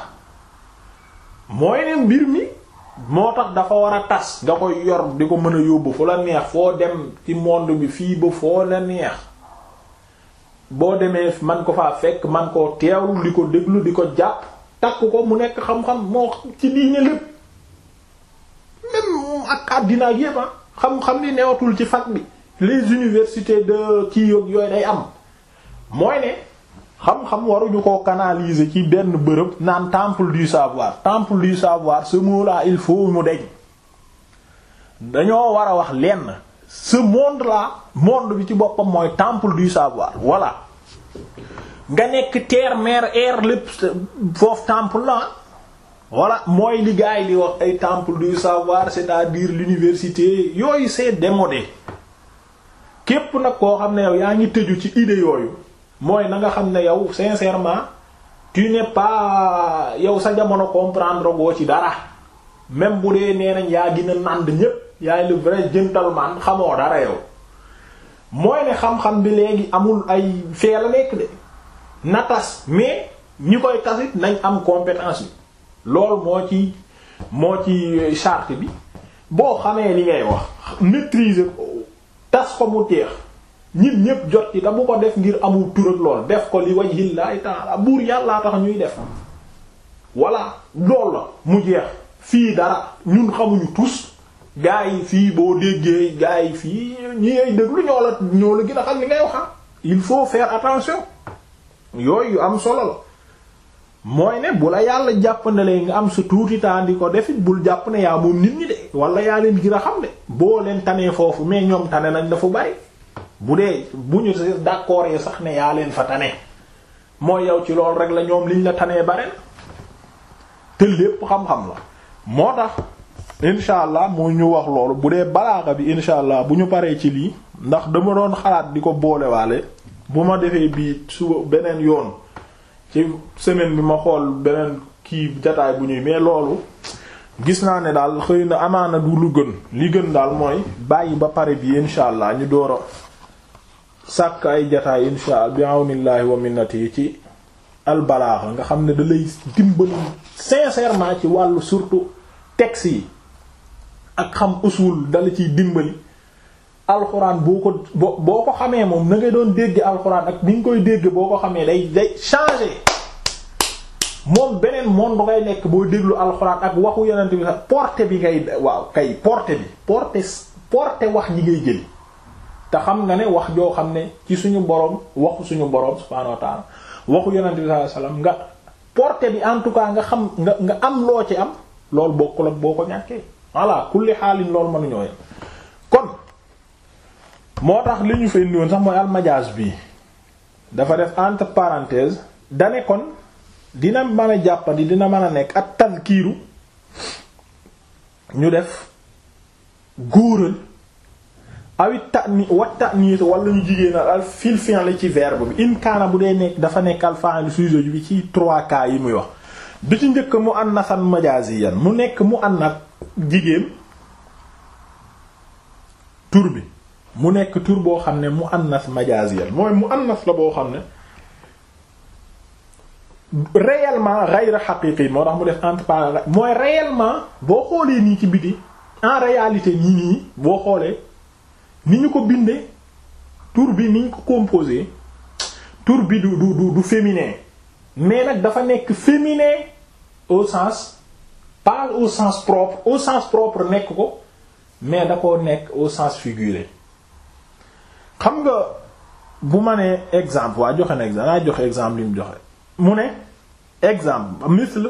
mooy ne mbir mi moo tax dafa war a tas nga koy yor di ko mën a yóbbu fu la neex foo dem ci monde bi fii ba foo la neex boo demee man ko faa fekk man koo teewu di ko déglu di ko jàpp takk ko mu nekk xam-xam moo ci diine lépp même ak àddina yépp ah. xam-xam ni newatul ci fac bi les universités de ci yog yooyu day am mooy ne xam-xam waruñu ko canaliser ci benn bërëb naan temple du savoir temple du savoir ce mot il faut mu deñ dañoo war a wax lenn ce monde là monde bi ci boppam mooy temple du savoir voilà nga nekk terre air lépp foofu temple la ah. voilà mooy li gars yi di wax ay temple du savoir cest à l'université yooyu c'est démodé képp nag koo xam ne yow yaa ngi tëju ci idée yooyu mooy nanga xam ne yow sincèrement tu n'es sa jamono comprendre goo ci dara même bu dee nee nañ yaa gën nànd ñépp yaay le vrai gentleman xamoo dara yow mooy ne xam-xam bi léegi amul ay fee nekk de na tas mais ñi koy tasit nañ am compétence bi loolu moo ci moo ci euh, chart bi boo xamee li ngay wax maîtriser ko tas ko mu teex ñit ñépp jot ci te bu ko def ngir amul tur lool def ko li wajhillahi ta'ala buur yàllaa tax ñuy def voilà loolu la mu jeex fii dara ñun xamuñu tous gaa yi fii boo déggee gaa yi fii ñi ngay déglu ñoo la ñoo la gën a xam li ngay wax il faut faire attention yooyu am solo la mooy ne bu la yàlla jàpp ne lay nga am sa tuuti temps di ko defit bul jàpp ne yaa moom nit ñi de wala yaa leen gën a xam de boo leen tanee foofu mais ñoom tane nañ dafa bari bu dee bu ñu d'accord sax ne yaa leen fa tane mooy yow ci loolu rek la ñoom liñ la tanee bare na te lépp xam-xam la moo tax incha allah mu ñu wax loolu bu dee balaaka bi incha allah bu ñu paree ci lii ndax dama doon xalaat di ko boolewaale bu ma defee bii suba beneen yoon ci semaine bi ma xool beneen kii jataay bu ñuy mais loolu gis naa ne daal xëy na amaana du lu gën li gën daal mooy bàyyi ba pare bi insha allah ñu door a sàkk ay jataay insha allah bi awnillaahi wa ci albalaaxa nga xam ne dalay lay dimbali sincèrement ci wàllu surtout texte yi ak xam usul dala ciy dimbali alxuraan boo ko boo ko xamee moom na nga doon dégg alxuraan ak bi nga koy dégg boo ko xamee day day changer moom beneen moom ba ngay nekk boo déglu alxuraan ak waxu yonent bi sax portée bi ngay waaw kay portée bi portée portée wax ñi ngay te xam nga ne wax joo xam ne ci suñu boroom waxu suñu boroom subhaanahu wa ta'ala waxu bi nga portée bi en tout cas nga xam nga nga am loo ci am loolu bokkul ak boo ko ñàkkee voilà kulli xaalin loolu mënuñoo yem kon moo tax li ñu fa indi woon almajaas bi dafa def entre parenthèse dane kon dina mën a jàppandi dina mën a nekk ak tazkiiru ñu def góoral awit tani wat ta'nis wala ñu jigéen al fil fi'l ci verbe bi in kaana bu dee nekk dafa nekk al fa'il sujet bi ci trois cas yi muy wax bi ci njëkk mu annasan majaaziyan mu nekk mu annat jigéen tur bi mu nekk tur boo xam ne muannas majaziyal mooy muannas la boo xam ne réellement ghayr haqiqi moo tax mu def entre mooy réellement boo xoolee nii ci biti en réalité nii nii boo xoolee ni ñu ko bindee tur bi ni ñu ko composé tur bi du du du féminin mais nag dafa nekk féminin au sens pas au sens propre au sens propre nekk ko mais da koo nekk au sens figuré. xam nga bu ma nee exemple waa joxe na exemple naa joxe exemple li mu joxe mu ne exemple misl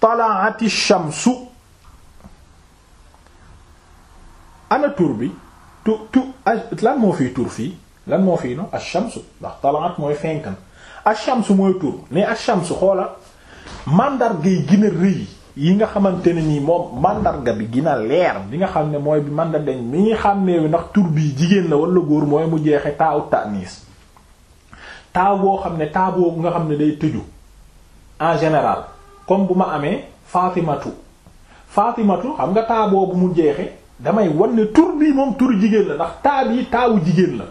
talaati shamsu ana tur bi tu tu lan moo fiy tur fii lan moo fiy no ash-shamsu ndax talaat mooy fenkan ash-shamsu mooy tur mais ash-shamsu xoola màndargay gën a rëy yi nga xamante ne nii moom mandarga bi gina leer bi nga xam ne mooy bi mandarga mi ngi xàmmee bi ndax tur bii jigéen la wala góor mooy mu jeexe taawu tanis taaw boo xam ne taaboo boobu nga xam ne day tëju en général comme bu ma amee Fatimatu Fatimatu xam nga taaw bu mu jeexe damay wan ne tur moom turu jigéen la ndax taaw yi taawu jigéen la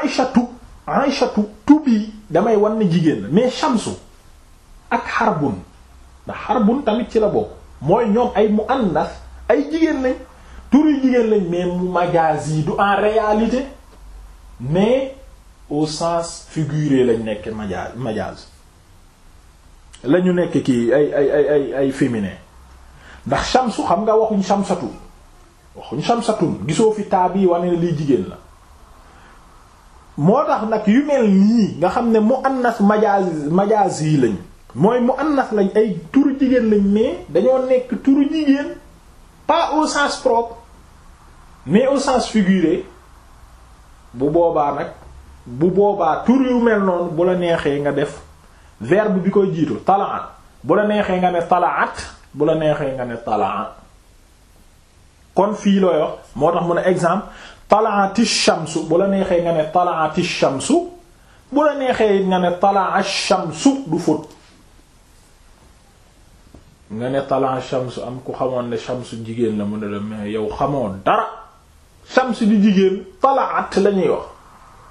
Aïshatu Aïshatu tu bii damay wan ne jigéen la mais Shamsu ak Harbun ndax xarbun tamit ci la bokk mooy ñoom ay mu annas ay jigéen lañ turu jigéen lañ mais mu majazi du en réalité mais au sens figuré lañ nekk maja majaz lañu nekk kii ay ay ay ay ay féminin ndax shamsu xam nga waxuñ shamsatu waxuñ shamsatun gisoo fi taa bii wane ne jigéen la moo tax nag yu mel nii nga xam ne mu annas majaaz majaaz yi lañ mooy mu annas lañ ay turu jigéen lañ mais dañoo nekk turu jigéen pas au sens propre mais au sens figuré bu boobaa nag bu boobaa tur yu mel noonu bu la neexee nga def verbe bi koy jiitu talaat bu la neexee nga ne at bu la neexee nga ne talaat kon fii looy moo tax mu ne exemple talaati shamsu bu la neexee nga ne talaati shamsu bu la neexee nga ne talaa shamsu du fóot nga ne talan Shams am ku xamoon ne Shams jigéen la mu ne la mais yow xamoo dara Shams di jigéen talaat la ñuy wax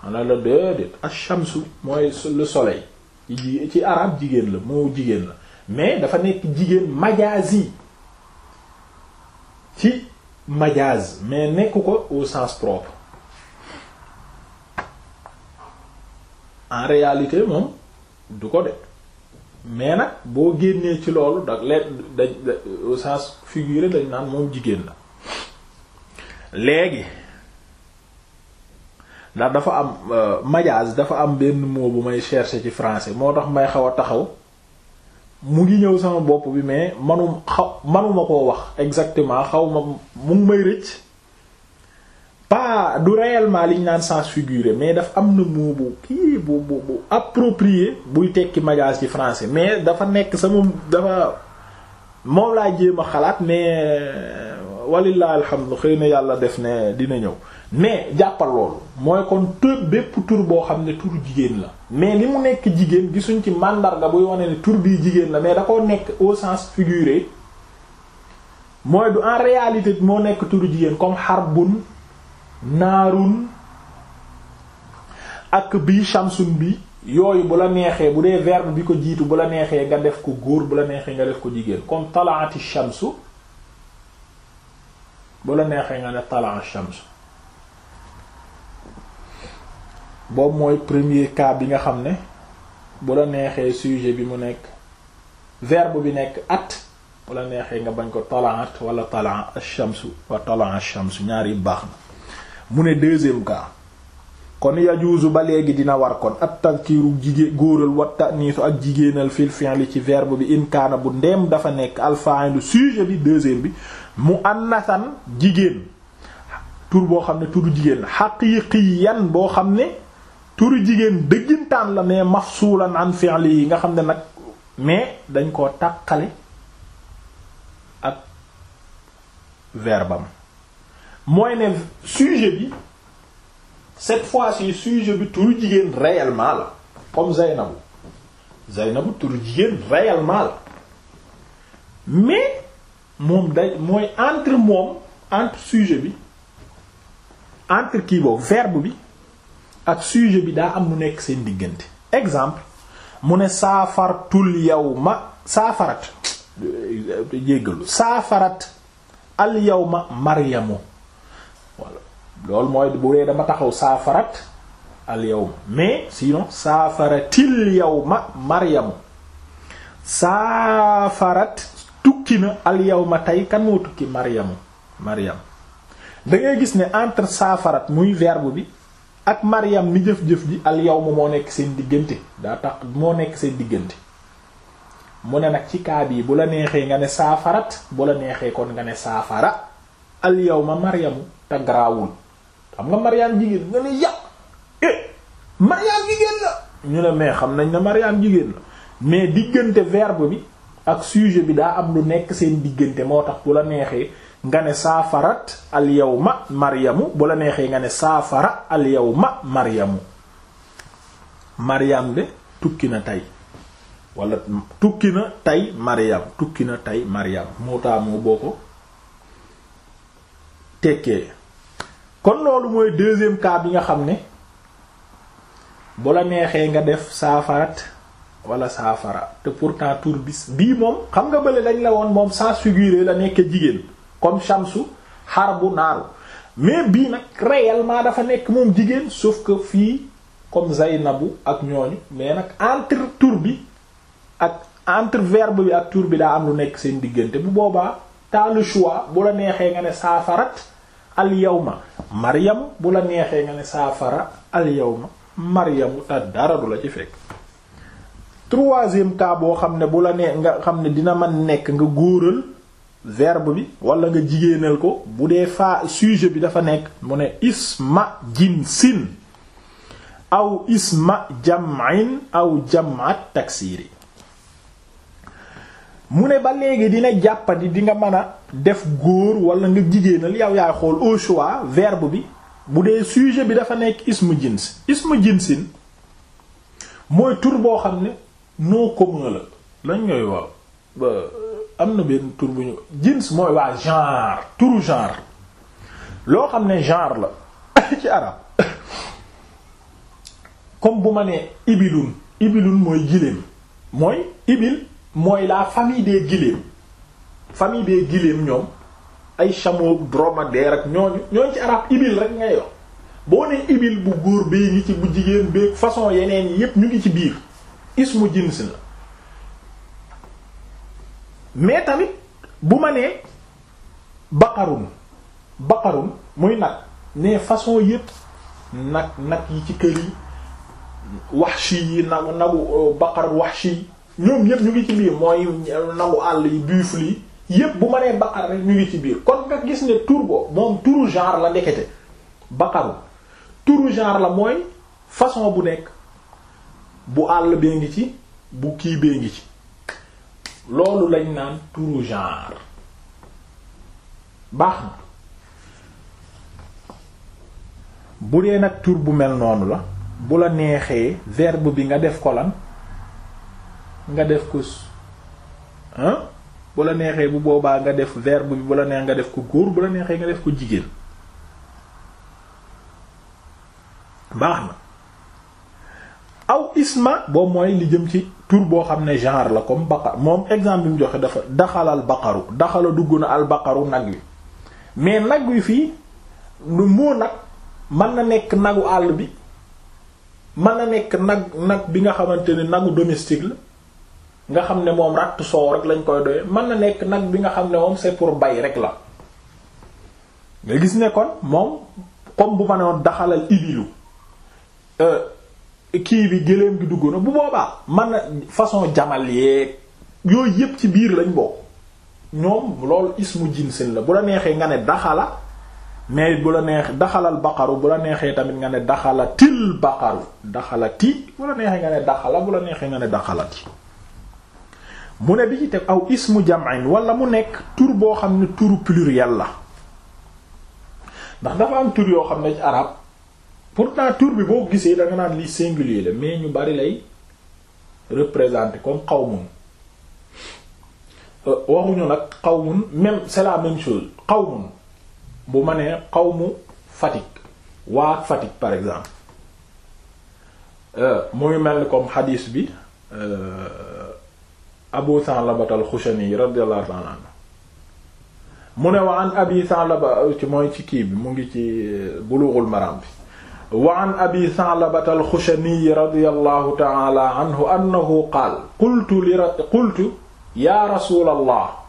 ana la déedéet ak Shams mooy le soleil ci ci jigéen la moo jigéen la mais dafa nekk jigéen majazi ci majaz mais nekk ko au sens propre en réalité moom du ko de mais nag boo génnee ci loolu da leen dañ au sens figuré dañ naan moom jigéen la léegi ndax dafa am euh, majaas dafa am benn mot bu may chercher ci français moo tax may xaw a taxaw mu ngi ñëw sama bopp bi mais manum xaw manuma koo wax exactement xaw ma mu ngi may rëcc pas du réellement li ñu naan sens figuré mais dafa am na mot bu kii bu bu bu approprié buy tekki mariage ci français mais dafa nekk sama dafa moom laa jéem a xalaat mais euh, walilah alhamdu xëy na yàlla def ne dina ñëw mais jàppal loolu mooy kon tur bépp tur boo xam ne tur jigéen la mais li mu nekk jigéen gisuñ ci màndarga buy wane ne tur bii jigéen la mais da ko nekk au sens figuré mooy du en réalité moo nekk tur jigéen comme xarbun naarun ak bii shamsun bi yooyu bu la neexee bu dee verbe bi ko jiitu bu la neexee nga def ko góor bu la neexee nga def ko jigéen comme talaati shamsu bu la neexee nga ne talaa shamsu boobu mooy premier cas bi nga xam ne bu la neexee sujet bi mu nekk verbe bi nekk at bu la neexee nga bañ ko talaat walla talaa shamsu wa talaa shamsu ñaari baax na mu ne deuxième cas kon yajuuzu ba léegi dina war kon at tazkiru jigéen góoral wa ta'niisu ak jigéenal fil fi'li ci verbe bi inkaana bu ndeem dafa nekk al fa'ilu sujet bi deuxième bi mu annasan jigéen tur boo xam ne turu jigéen xaq yan boo xam ne turu jigéen dëggantaan la mais mafsulan an fi'li yi nga xam ne nag mais dañ koo tàqale ak verbam mooy ne sujet bi cette fois-ci sujet bi turu jigéen réellement la comme Zeynabu Zeynabu turu jigéen réellement la mais moom day mooy entre moom entre sujet bi entre kii boobu verbe bi ak sujet bi daa am mu nekk seen diggante exemple mu ne saafartul yawma saafarat jéggalu saafarat al yawma maryamu loolu mooy bu dee dama taxaw saafarat alyow yawm mais sinon saafaratil yawma maryamu saafarat tukki na al ma tey kan moo tukki maryamu maryam da gis ne entre saafarat muy verbe bi ak maryam mi jëf-jëf ji alyow yawma moo nekk seen diggante daa tax moo nekk seen diggante mu ne nag ci kaab yi bu la neexee nga ne saafarat bu la neexee kon nga ne saafara alyow ma maryamu te xam nga Mariam jigéen nga ne yàq eh jigéen la ñu ne mais xam nañ na Mariam jigéen la mais diggante verbe bi ak sujet bi daa am lu nekk seen diggante moo tax bu la neexee nga ne saafarat al yawma Maryamu bu la neexee nga ne saafara al yawma Maryamu Mariam de tukki na tey wala tukki na tey Mariam tukki na tey Mariam moo taamu boo ko tekkee kon loolu mooy deuxième cas bi nga xam ne boo la neexee nga def saafarat walla saafara te pourtant tourbis bii moom xam nga bële dañ la woon moom sans figurer la nekk jigéen comme shamsu xar bu naaru mais bii nag réellement dafa nekk moom jigéen sauf que fii comme Zaynabu ak ñooñu mais nag entre tur bi ak entre verbe bi ak tur bi daa am lu nekk seen diggante bu boobaa t'as le choix bu la neexee nga ne saafarat alyawma maryamu bu la neexee nga ne saafara alyawma maryamu te dara du la ci fekk troisième cas boo xam ne bu la nee nga xam ne dina man nekk nga góoral verbe bi wala nga jigéenal ko bu dee fa sujet bi dafa nekk mu ne isma sin aw isma jam'in aw jam'at taksiri mu ne ba léegi dina jàppandi di nga mën a def góor wala nga jigéenal yow yaay xool au choix verbe bi bu dee sujet bi dafa nekk ismu jins ismu jinsin mooy tur boo xam ne non commun la lañ ñooy waaw am na benn tur bu ñu jins mooy waa genre turu genre loo xam ne genre la [COUGHS] ci arab [COUGHS] comme bu ma nee ibilun ibilun mooy giléem mooy ibil mooy la famille des gileem fami des gileem ñoom ay chameau dromadaire ak ñooñu ñooñu ci arab ibil rek ngay wax boo ne ibil bu góor bii ngi ci bu jigéen bee façon yeneen yi yépp ñu ngi ci biir ismu jins la mais tamit bu ma nee baqarun baqarun muy nag ne façon yépp nag nag yi ci kër yi wahshi yi nagu nagu euh, baqar wahshi ñoom ñëpp ñu ngi ci biir mooy nangu àll yi buffle yi yëpp bu ma nee baqara rek ñu ngi ci biir kon nga gis ne tur moom turu genre la ndekete baqaru turu genre la mooy façon bu nekk bu àll bee ngi ci bu kii bee ngi ci loolu lañ naan turu genre baax na bu dee nag tur bu mel noonu la bu la neexee verbe bi nga def ko lan nga def ko hein bu la neexee bu boobaa nga def verbe bi bu la neex nga def ko góor bu la neexee nga def ko jigéen baax na aw isma boobu mooy li jëm ci tur boo xam ne genre la comme baqar moom exemple bi mu joxe dafa daxalal baqaru daxala dugg na al baqaru nag wi mais nag wi fii lu moo nag mën na nekk nagu àll bi mën na nekk nag nag bi nga xamante ne nagu domestique la nga xam ne moom ratt soow rek lañ koy doyee mën na nekk nag bi nga xam ne moom c'est pour bay rek la nga gis ne kon moom comme bu ma ne woon daxalal ibilu euh, kii bi gëléem gi dugg na bu boobaa man na façon jamal yeeg yooyu yépp ci biir lañ bokk ñoom loolu ismu jinsin la bu la neexee nga ne daxala mais bu la neex daxalal baqaru bu la neexee tamit nga ne daxala til baqaru daxalati bu la neexee nga ne daxala bu la neexee nga ne daxalati mu ne bi ci teg aw ismu jam'in walla mu nekk tur boo xam ne turu pluriel la ndax dafa am tur yoo xam ne ci pour pourtant tur bi boo gisee da naan li singulier la mais ñu bari lay représenter comme qawmun euh, waxuñu nag qawmun même c'est la même chose qawmun bu ma xaw mu Fatick waa Fatick par exemple euh, muy mel ni comme hadith bi. Euh, abu Sa'labatal Xushani radiyallahu ta'ala anhu mu ne wa an abi Sa'laba ci mooy ci kii bi mu ngi ci Bulughul Maram bi wa an abi Sa'labatal Xushani radiyallahu ta'ala anhu annahu qaala qultu li qultu yaa rasuulallah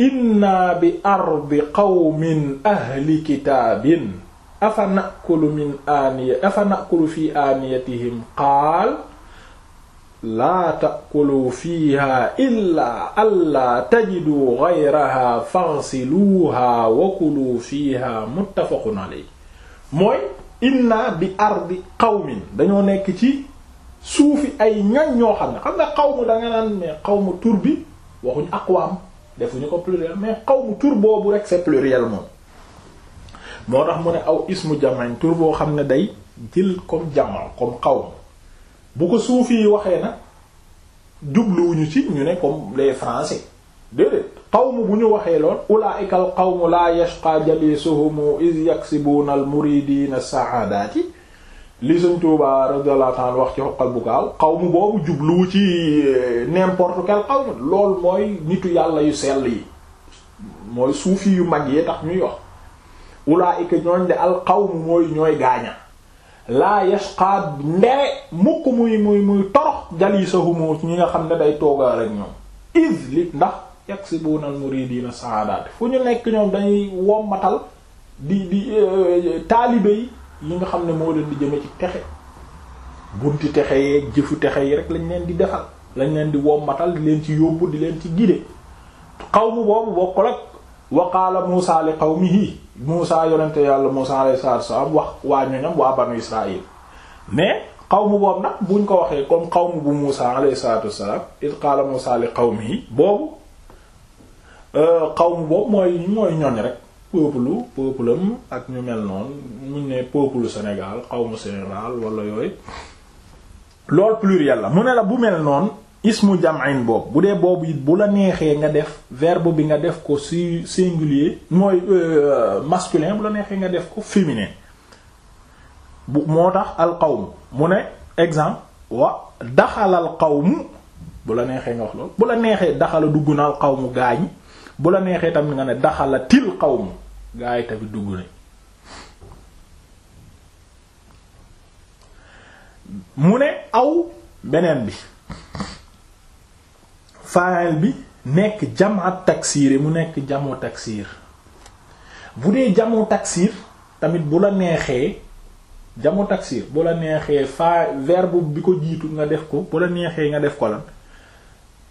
inna bi ardi qawmin ahli kitaabin afa na'kulu min aaniya afa na'kulu fi aaniyatihim qaala laa taakulu fiiha illaa allaa tajidu gayraha faghsiluha wa kulu fiiha muttafaqun alay mooy inna bi ardi qawmin dañoo nekk ci suufi ay ñoñ ñoo xam ne xam nga qawmu da nga naan mais qawmu tur bi waxuñ aqwaam defuñu ko pluriel mais qawmu tur boobu rek c'est pluriel moom moo tax mu ne aw ismu jamañ tur boo xam ne day jël comme jamaa comme qawm bu ko suufi yi waxee nag jubluwuñu ci ñu ne comme les français déedéet qawm bu ñu waxee lool ulaa'ika al qawmu laa yashqaa jaliisuhum iz yaksibuuna al na saadaati li Sëriñ Tuubaa radiyallahu ta'ala wax ci xoqal bu gaaw qawmu boobu jubluwu ci eh, n'importe quel qawm lool mooy nitu yàlla yu sell yi mooy suufi yu mag yi tax ñuy wax ulaa'ika ñooñ de al qawmu mooy ñooy gaaña laa bi ndere mukk muy muy muy torox jalisahumu ñi nga xam ne day toogaal ak ñoom is li ndax yaksibuna al muridina saadaati fu ñu nekk ñoom dañuy wommatal di di euh, taalibe yi yi nga xam ne moo leen di jëme ci texe bunti texe yeeg jëfu texe yi rek lañ leen di defal lañ leen di wommatal di leen ci yóbbu di leen ci gide xaw mu boobu bokkul ak wa qaala Muusaa li qawmihi Muusaa yonente yàlla Muusaa alayhi salaatu wassalaam wax waa ñoñam waa banu Israaïl mais qawmu boobu nag buñ ko waxee comme xaw qawmu bu Muusaa alayhi salaatu wassalaam id saali xaw li qawmihi boobu euh, qawmu boobu mooy mooy ñoñ rek peuple peuple ak ñu mel noonu muñ ne peuple Sénégal qawmu Sénégal wala yooyu loolu pluriel la mu ne la bu mel noonu ismu jam'in boobu bu dee boobu it bu la neexee nga def verbe bi nga def ko si singulier mooy euh, masculin bu la neexee nga def ko féminin bu moo tax alxaw qawm mu ne exemple wa daxala al qawmu bu la neexee nga wax loolu bu la neexee daxala dugg na al qawmu gaa bu la neexee tamit nga ne daxala til qawmu gaa tamit dugg nañ mu ne aw beneen bi faa'il bi nekk jamaa taksiir mu nekk jamoo taksiir bu dee jamoo taksiir tamit bu la neexee jamo taksiir bu la neexee faa verbe bi ko jiitu nga def ko bu la neexee nga def ko lan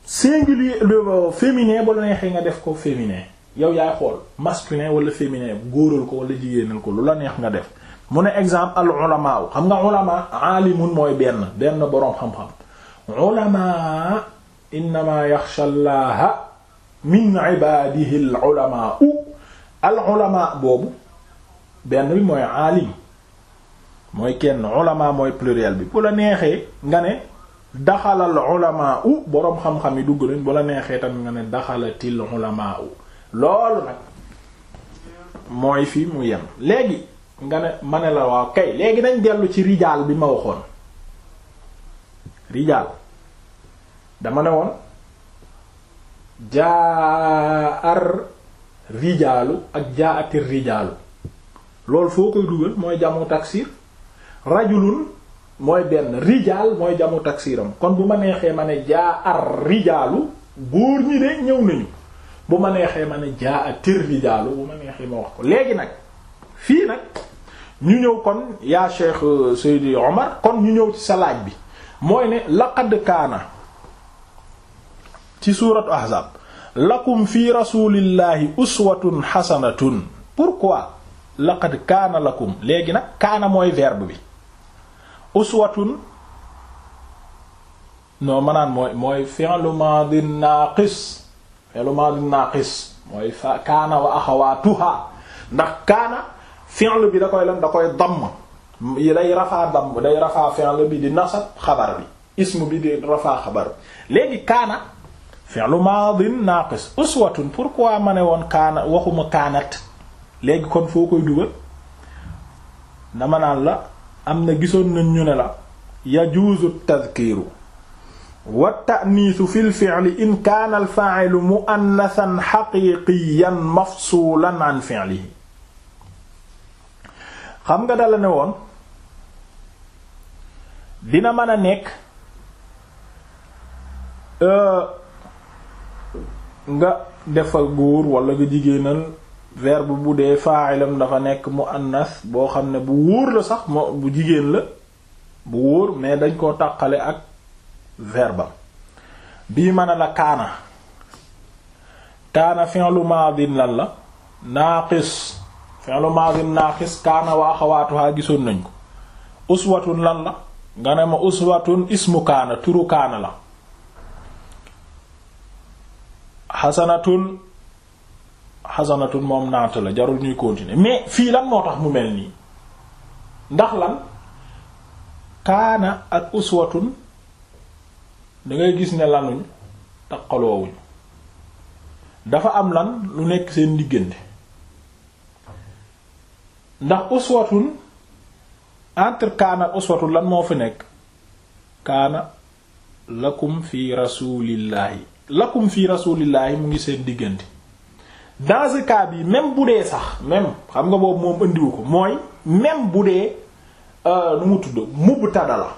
singulier euh, féminin bu la nga def ko féminin yow yaay xool masculin wala féminin góoral ko wala jigéenal ko lu la neex nga def mu ne exemple al ulama xam nga ulama alimun mooy benn benn boroom xam-xam ulama innama yaxsha llaha min ibadihi al ulama u al ulama boobu benn bi mooy aalim mooy kenn ulama mooy pluriel bi bu la neexee nga ne daxalal ulama u boroom xam-xam yi dugg nañ bu la neexee tam nga ne daxalatil ulama u loolu nag mooy fi mu yem léegi nga ne ma ne la waaw kay léegi nañ dellu ci rijaal bi ma waxoon rijaal dama ne woon jaa rijaalu ak jaa atir rijaalu loolu foo koy dugal mooy jamu taksir rajulun mooy benn rijaal mooy jamu taksiram kon bu ma neexee ma ne jaa ar rijaalu góor ñi de ñëw nañu bu ma neexee ma ne wax ko léegi nag fii nag ñu ñëw kon yaa Cheikh Seydi Omar kon ñu ñëw ci sa bi mooy ne laqad kaana ci suuratu ahzab lakum fi rasulillahi uswatun xasanatun pourquoi laqad kaana lakum léegi nag kaana mooy verbe bi uswatun non manaan mooy mooy fi'lu madin naaqis fi'lu madin mooy fa kaana wa axawaatuha ndax kaana fi'l bi da koy lan da koy damm yi day rafaa damm day rafaa fi'l bi di nasab xabar bi ism bi di rafaa xabar bi léegi kaana fi'lu maadin naaqis uswatun pourquoi ma woon kaana waxuma kaanat léegi kon foo koy dugal dama naan la am na gisoon nañ ñu ne la yajuuzu tadkiiru wa ta'niisu fil fi'li in kaana al faa'ilu mu'annasan haqiiqiyan mafsuulan an fi'lihi xam nga dala ne woon dina mën a nekk euh, nga defal góor walla nga jigéenal verbe bu dee fa'ilam dafa nekk mu muannas boo xam ne bu wóor la sax bu jigéen la bu wóor mais dañ koo tàqale ak verbe am bii mën la kaana kaana fi'lu maadin lan la naaqis fi'lu maadin naaqis kaana wa axawaatuha gisoon nañ ko uswatun lan la nga ne ma uswatun ismu kaana turu kaana la xasanatun xasanatun moom naata la jarul ñuy continuer mais fii lan moo tax mu mel nii ndax lan kaana ak uswatun dangay gis ne lanuñ taqaloowuñ dafa am lan lu nekk seen diggante ndax uswatun entre kaana ak uswatun lan moo fi nekk kaana lakum fi rasulillahi lakkum fi rasulillahi mu ngi seen diggante dans ce cas bi même bu dee sax même xam nga boobu moom indiwu ko mooy même bu dee euh, nu mu tudd mubtada la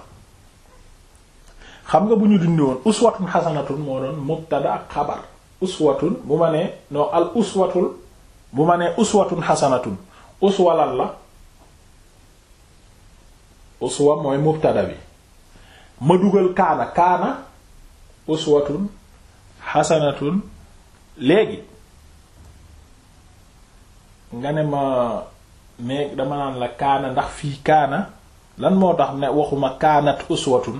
xam nga bu ñu dindi woon uswatun xasanatun moo doon mubtada ak xabar uswatun bu ma nee non al uswatul bu ma nee uswatun xasanatun uswa lan la uswa mooy mubtada bi ma dugal kaana kaana uswatun xasanatun léegi nga ne ma mais dama naan la kaana ndax fii kaana lan moo tax ne waxuma kaanat uswatun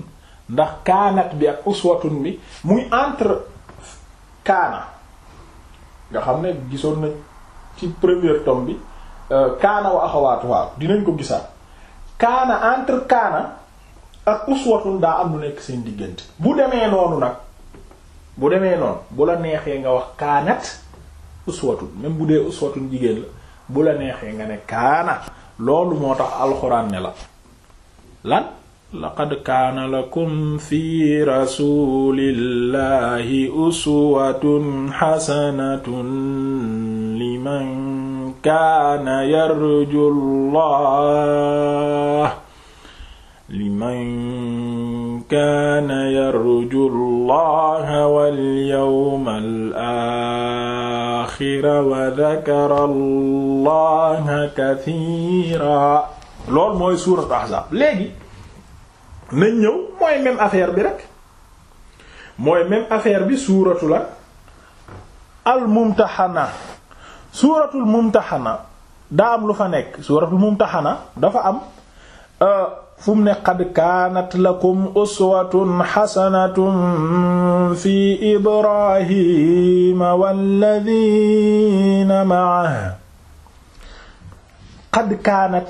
ndax kaanat bi ak uswatun bi muy entre kaana nga xam ne gisoon na ci premier tome bi euh, kaana wa axawaatu waaw dinañ ko gisaat kaana entre kaana ak uswatun daa am lu nekk seen diggante bu demee noonu nag bu demee noonu bu la neexee nga wax kaanat uswatun même bu dee uswatun jigéen la bu la neexee nga ne kaana loolu moo tax alxuraan ne la lan laqad kaana lakum fi rasulillahi uswatun xasanatun liman kaana yarju llah liman kaana yarju llaha wal yawmal aaxira wa dakara llaha kathiira loolu mooy suuratu ahzaab léegi nañ ñëw mooy même affaire bi rek mooy même affaire bi suuratu la al mumtaxana suuratul mumtaxana daa am lu fa nekk suuratul mumtaxana dafa am. Euh, fu mu ne qad kaanat lakum uswatun xasanatun fi ibrahima walladina maah qad kaanat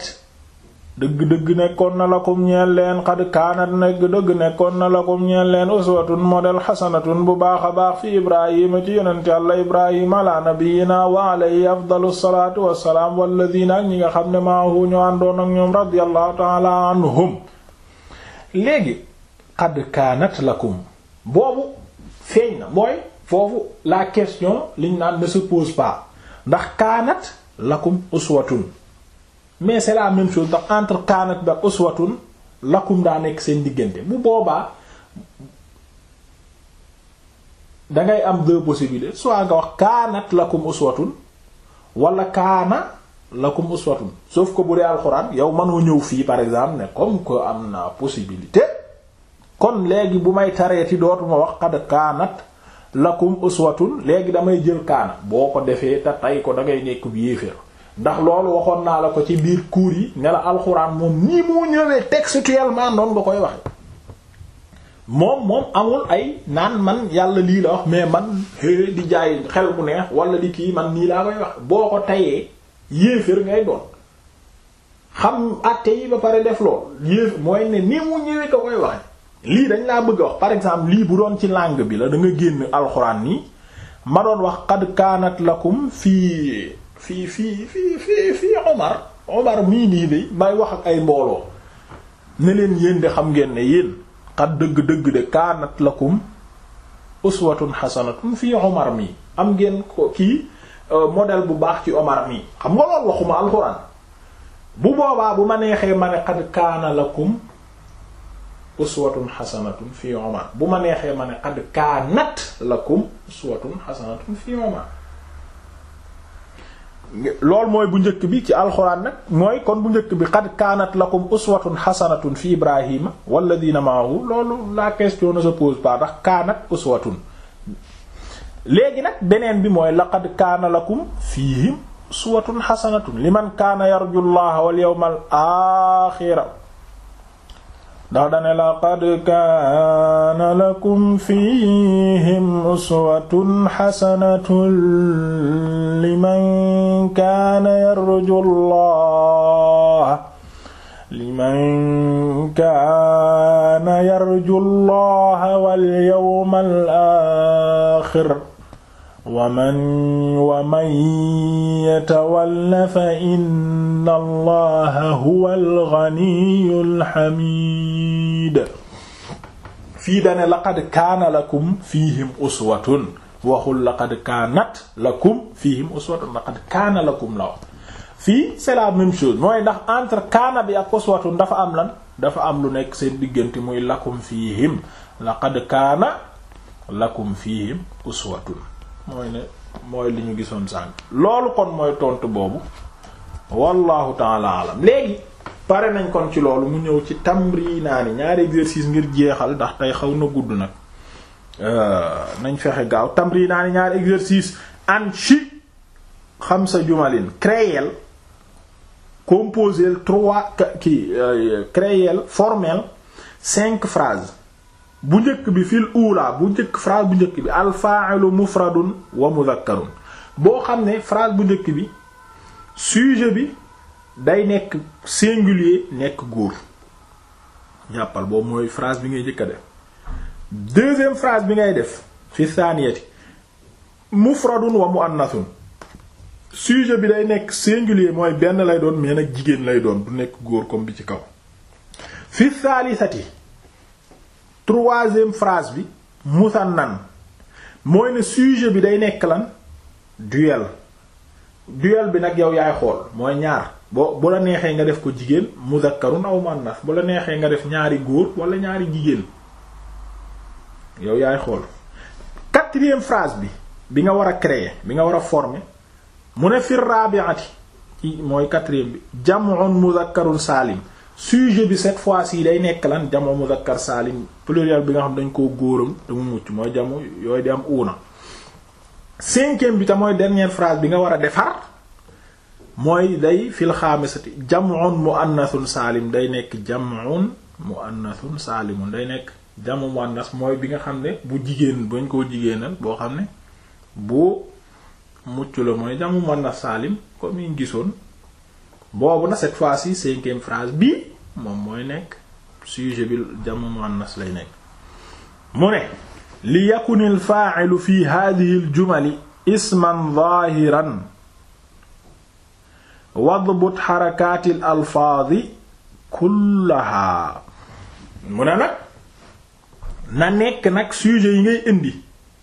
dëgg-dëgg nekkoon na lakum ñeen leen xad kaanat nekk dëgg nekkoon na lakum ñeen leen uswatun model xasanatun bu baax a baax fi ibrahima ci yonent yàlla ibrahima ala nabiyina wa alayhi afdalu salaatu wassalaam walladina ak ñi nga xam ne maahu ñu àndoon ak ñoom radiyallahu taala anhum léegi xad kaanat lakum boobu feeñ na mooy foofu la question liñ naan ne se pose pas ndax kaanat lakum uswatun mais c'est la même chose ndax entre kaanat bi ak uswatun lakum daa nekk seen diggante bu boobaa dangay am deux possibilités soit nga wax kaanat lakum uswatun walla kaana lakum uswatun soof ko bu dee alxuraan yow mënoo ñëw fii par exemple ne comme ko am na possibilité kon léegi bu may tareeti dootuma wax xad kaanat lakum uswatun léegi damay jël kaana boo ko defee te tay ko dangay nekk bu yéeféer ndax loolu waxoon naa la ko ci biir cours yi ne la alxuraan moom nii moo ñëwee textuellement noonu nga koy waxe moom moom amul ay naan man yàlla lii la wax mais man di jaay xel bu neex wala di kii man nii laa koy wax boo ko tayee yéefér ngay doon xam àtte yi ba pare def lool yéef mooy ne ni mu ñëwee nga koy waxe lii dañ laa bëgg a wax par exemple lii bu doon ci langue bi la da génn alxuraan nii ma doon wax qad kaanat lakum fii fii fii fii fii fii Omar Omar mii nii de may wax ak ay mbooloo ne leen yéen di xam ngeen ne yéen xat dëgg-dëgg de kaanat lakum uswatun hasanatun fii Omar mii am ngeen ko kii euh, modèle bu baax ci Omar mii xam nga waxuma alxuraan bu boobaa bu ma neexee ma ne xad kaana lakum uswatun hasanatun fii Omar bu ma neexee ma ne xad kaanat lakum uswatun hasanatun fii Omar loolu mooy bu njëkk bi ci alxuraan nag mooy kon bu njëkk bi qad kaanat lakum uswatun hasanatun fi ibrahima walladina maahu loolu la question ne se pose pas ndax kaanat uswatun léegi nag beneen bi mooy laqad kaana lakum fiihim uswatun hasanatun liman kaana yarju llaha wal yawmal axira ndax dane laqad kaana lakum fihim uswatun xasanatun liman kaana yarju allah allah wal yawmal aaxir waman waman yatawalla fa inna allaha huwa alganiyul xamiid fii dane laqad kaana lakum fiihim uswatun waxul laqad kaanat lakum fiihim uswatun laqad kaana lakum la wax fii c'est la même mooy ndax entre kaana bi ak uswatun dafa am lan dafa am lu nekk seen diggante muy lakum fiihim laqad kaana lakum fiihim uswatun mooy ne mooy li ñu gisoon sànk loolu kon mooy tontu boobu wallahu taala alam léegi pare nañ kon ci loolu mu ñëw ci ne ñaari exercice ngir jeexal ndax tey xaw na gudd nag euh, nañ fexe gaaw tamrinaani ñaari exercice an chi xam sa jumalin créel composel trois ki euh, créel formel cinq phrases bu njëkk bi fil ula bu njëkk phrase bu njëkk bi al fa'ilu mufradun wa mudhakkarun boo xam ne phrase bu njëkk bi sujet bi day nekk singulier nekk góor jàppal boobu mooy phrase bi ngay njëkk a def deuxième phrase bi ngay def fi thaniyati mufradun wa muannathun sujet bi day nekk singulier mooy benn lay doon mais nag jigéen lay doon du nekk góor comme bi ci kaw fi thalithati troisième phrase bi musannan mooy ne sujet bi day nekk lan duel duel bi nag yow yaay xool mooy ñaar boo bu la neexee nga def ko jigéen muzakkarun aw muannas bu la neexee nga def ñaari góor wala ñaari jigéen yow yaay xool quatrième phrase bi bi nga war a créer bi nga war a former mu ne fir rabi'ati ci mooy quatrième bi jam'un muzakkarun saalim sujet bi cette fois-ci day nekk lan jamo muzakkar saalim pluriel bi nga xam dañ koo góoram te mu mucc mooy jamo yooy dem am uuna bi te mooy dernière phrase bi nga war a defar mooy day fil xaamisati jam'un muannathun saalim day nekk jam'un muannathun saalimun day nekk jamu muannas mooy bi nga xam ne bu jigéen bañ koo jigéenal boo xam ne bu mucc la mooy jamu muannas saalim comme yi gisoon boobu na cette fois-ci cinquième phrase bi moom mooy nekk sujet bi jamu muannas lay nekk mu ne li yakun al fa'ilu fi hadhihi al jumali isman zahiran wadbut xarakaati al alfaadi mu ne nag na nekk nag sujet yi ngay indi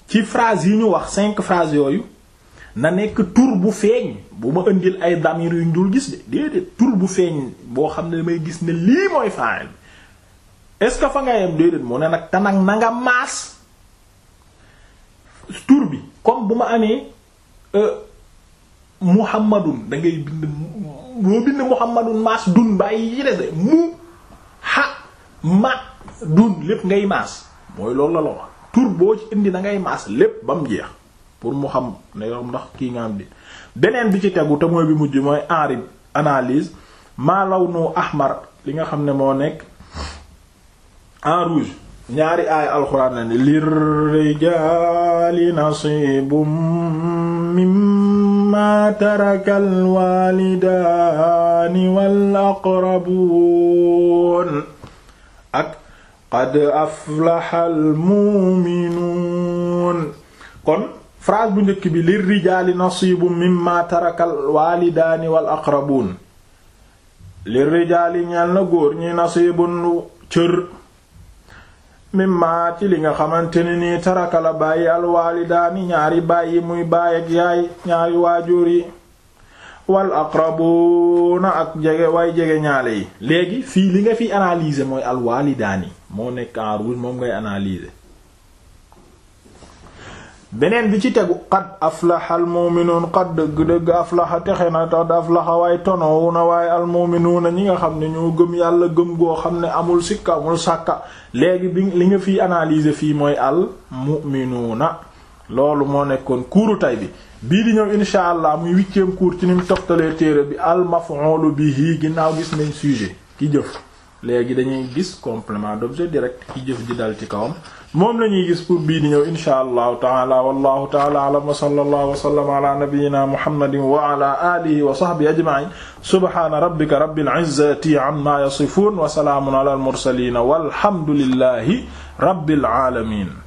ci phrase yi ñu wax cinq phrases yooyu na nekk tur bu feeñ bu ma indil ay damir yu ñu dul gis de déedéet tur bu feeñ boo xam ne damay gis ne lii mooy fa'il est-ce que fa nga yem déedéet mu ne nag tanag na nga maas tur bi comme bu ma amee euh, muhammadun da ngay bind boo bind muhammadun maas dun bàyyi mu ha ma dun lépp ngay maas mooy loolu la la tur boo ci indi da ngay maas lépp ba mu jeex pour mu xam ne yow ndax kii nga am bi beneen bi ci tegu te mooy bi mujj mooy enrib analyse maa lawnu ahmar li nga xam ne moo nekk en rouge ñaari aay alxuraan la ne lir rijaali nasibum mimma tarakal walidaani wal aqrabuun ak qad aflaxal muminuun kon phrase bu njëkk bi lir rijaali nasibu mimma tarakal waalidaani wal aqrabuun lir rijaali ñeel na góor ñi nasibun lu cër mimma ci li nga xamante ne nii taraka la bàyyi ñaari bàyyi muy baay ak yaay ñaari waajur yi wal aqrabuuna ak jege way jege ñaale yi léegi fii li nga fiy analyser mooy alwaalidaani moo nekk en rouge moom ngay analyser beneen bi ci tegu qad aflaha almuminuun qad dëgg-dëgg aflaha texe na qad aflaha waaye tonowu na waaye almuminuuna ñi nga xam ne ñoo gëm yàlla gëm goo xam ne amul sikka amul sàkka léegi bi li nga fiy analyser fii mooy al muminuuna loolu moo nekkoon kuuru tay bi bii di ñëw insha allah muy huitième cours ci ni mu toftalee téere bi al maf'ul bihi ginnaaw gis nañ sujet ki jëf léegi dañuy gis complément d'objet direct ki jëf ji dal ci kawam moom lañuy gis pour bii di ñëw insha allahu taala wallahu taala alam wa sallallahu wa sallama ala nabiyyina muhammadin wa ala alihi wa sahbihi ajma'in subhana rabbika rabbil izzati amma yasifun wa salaamun ala al mursalin walhamdulillahi rabbil alamin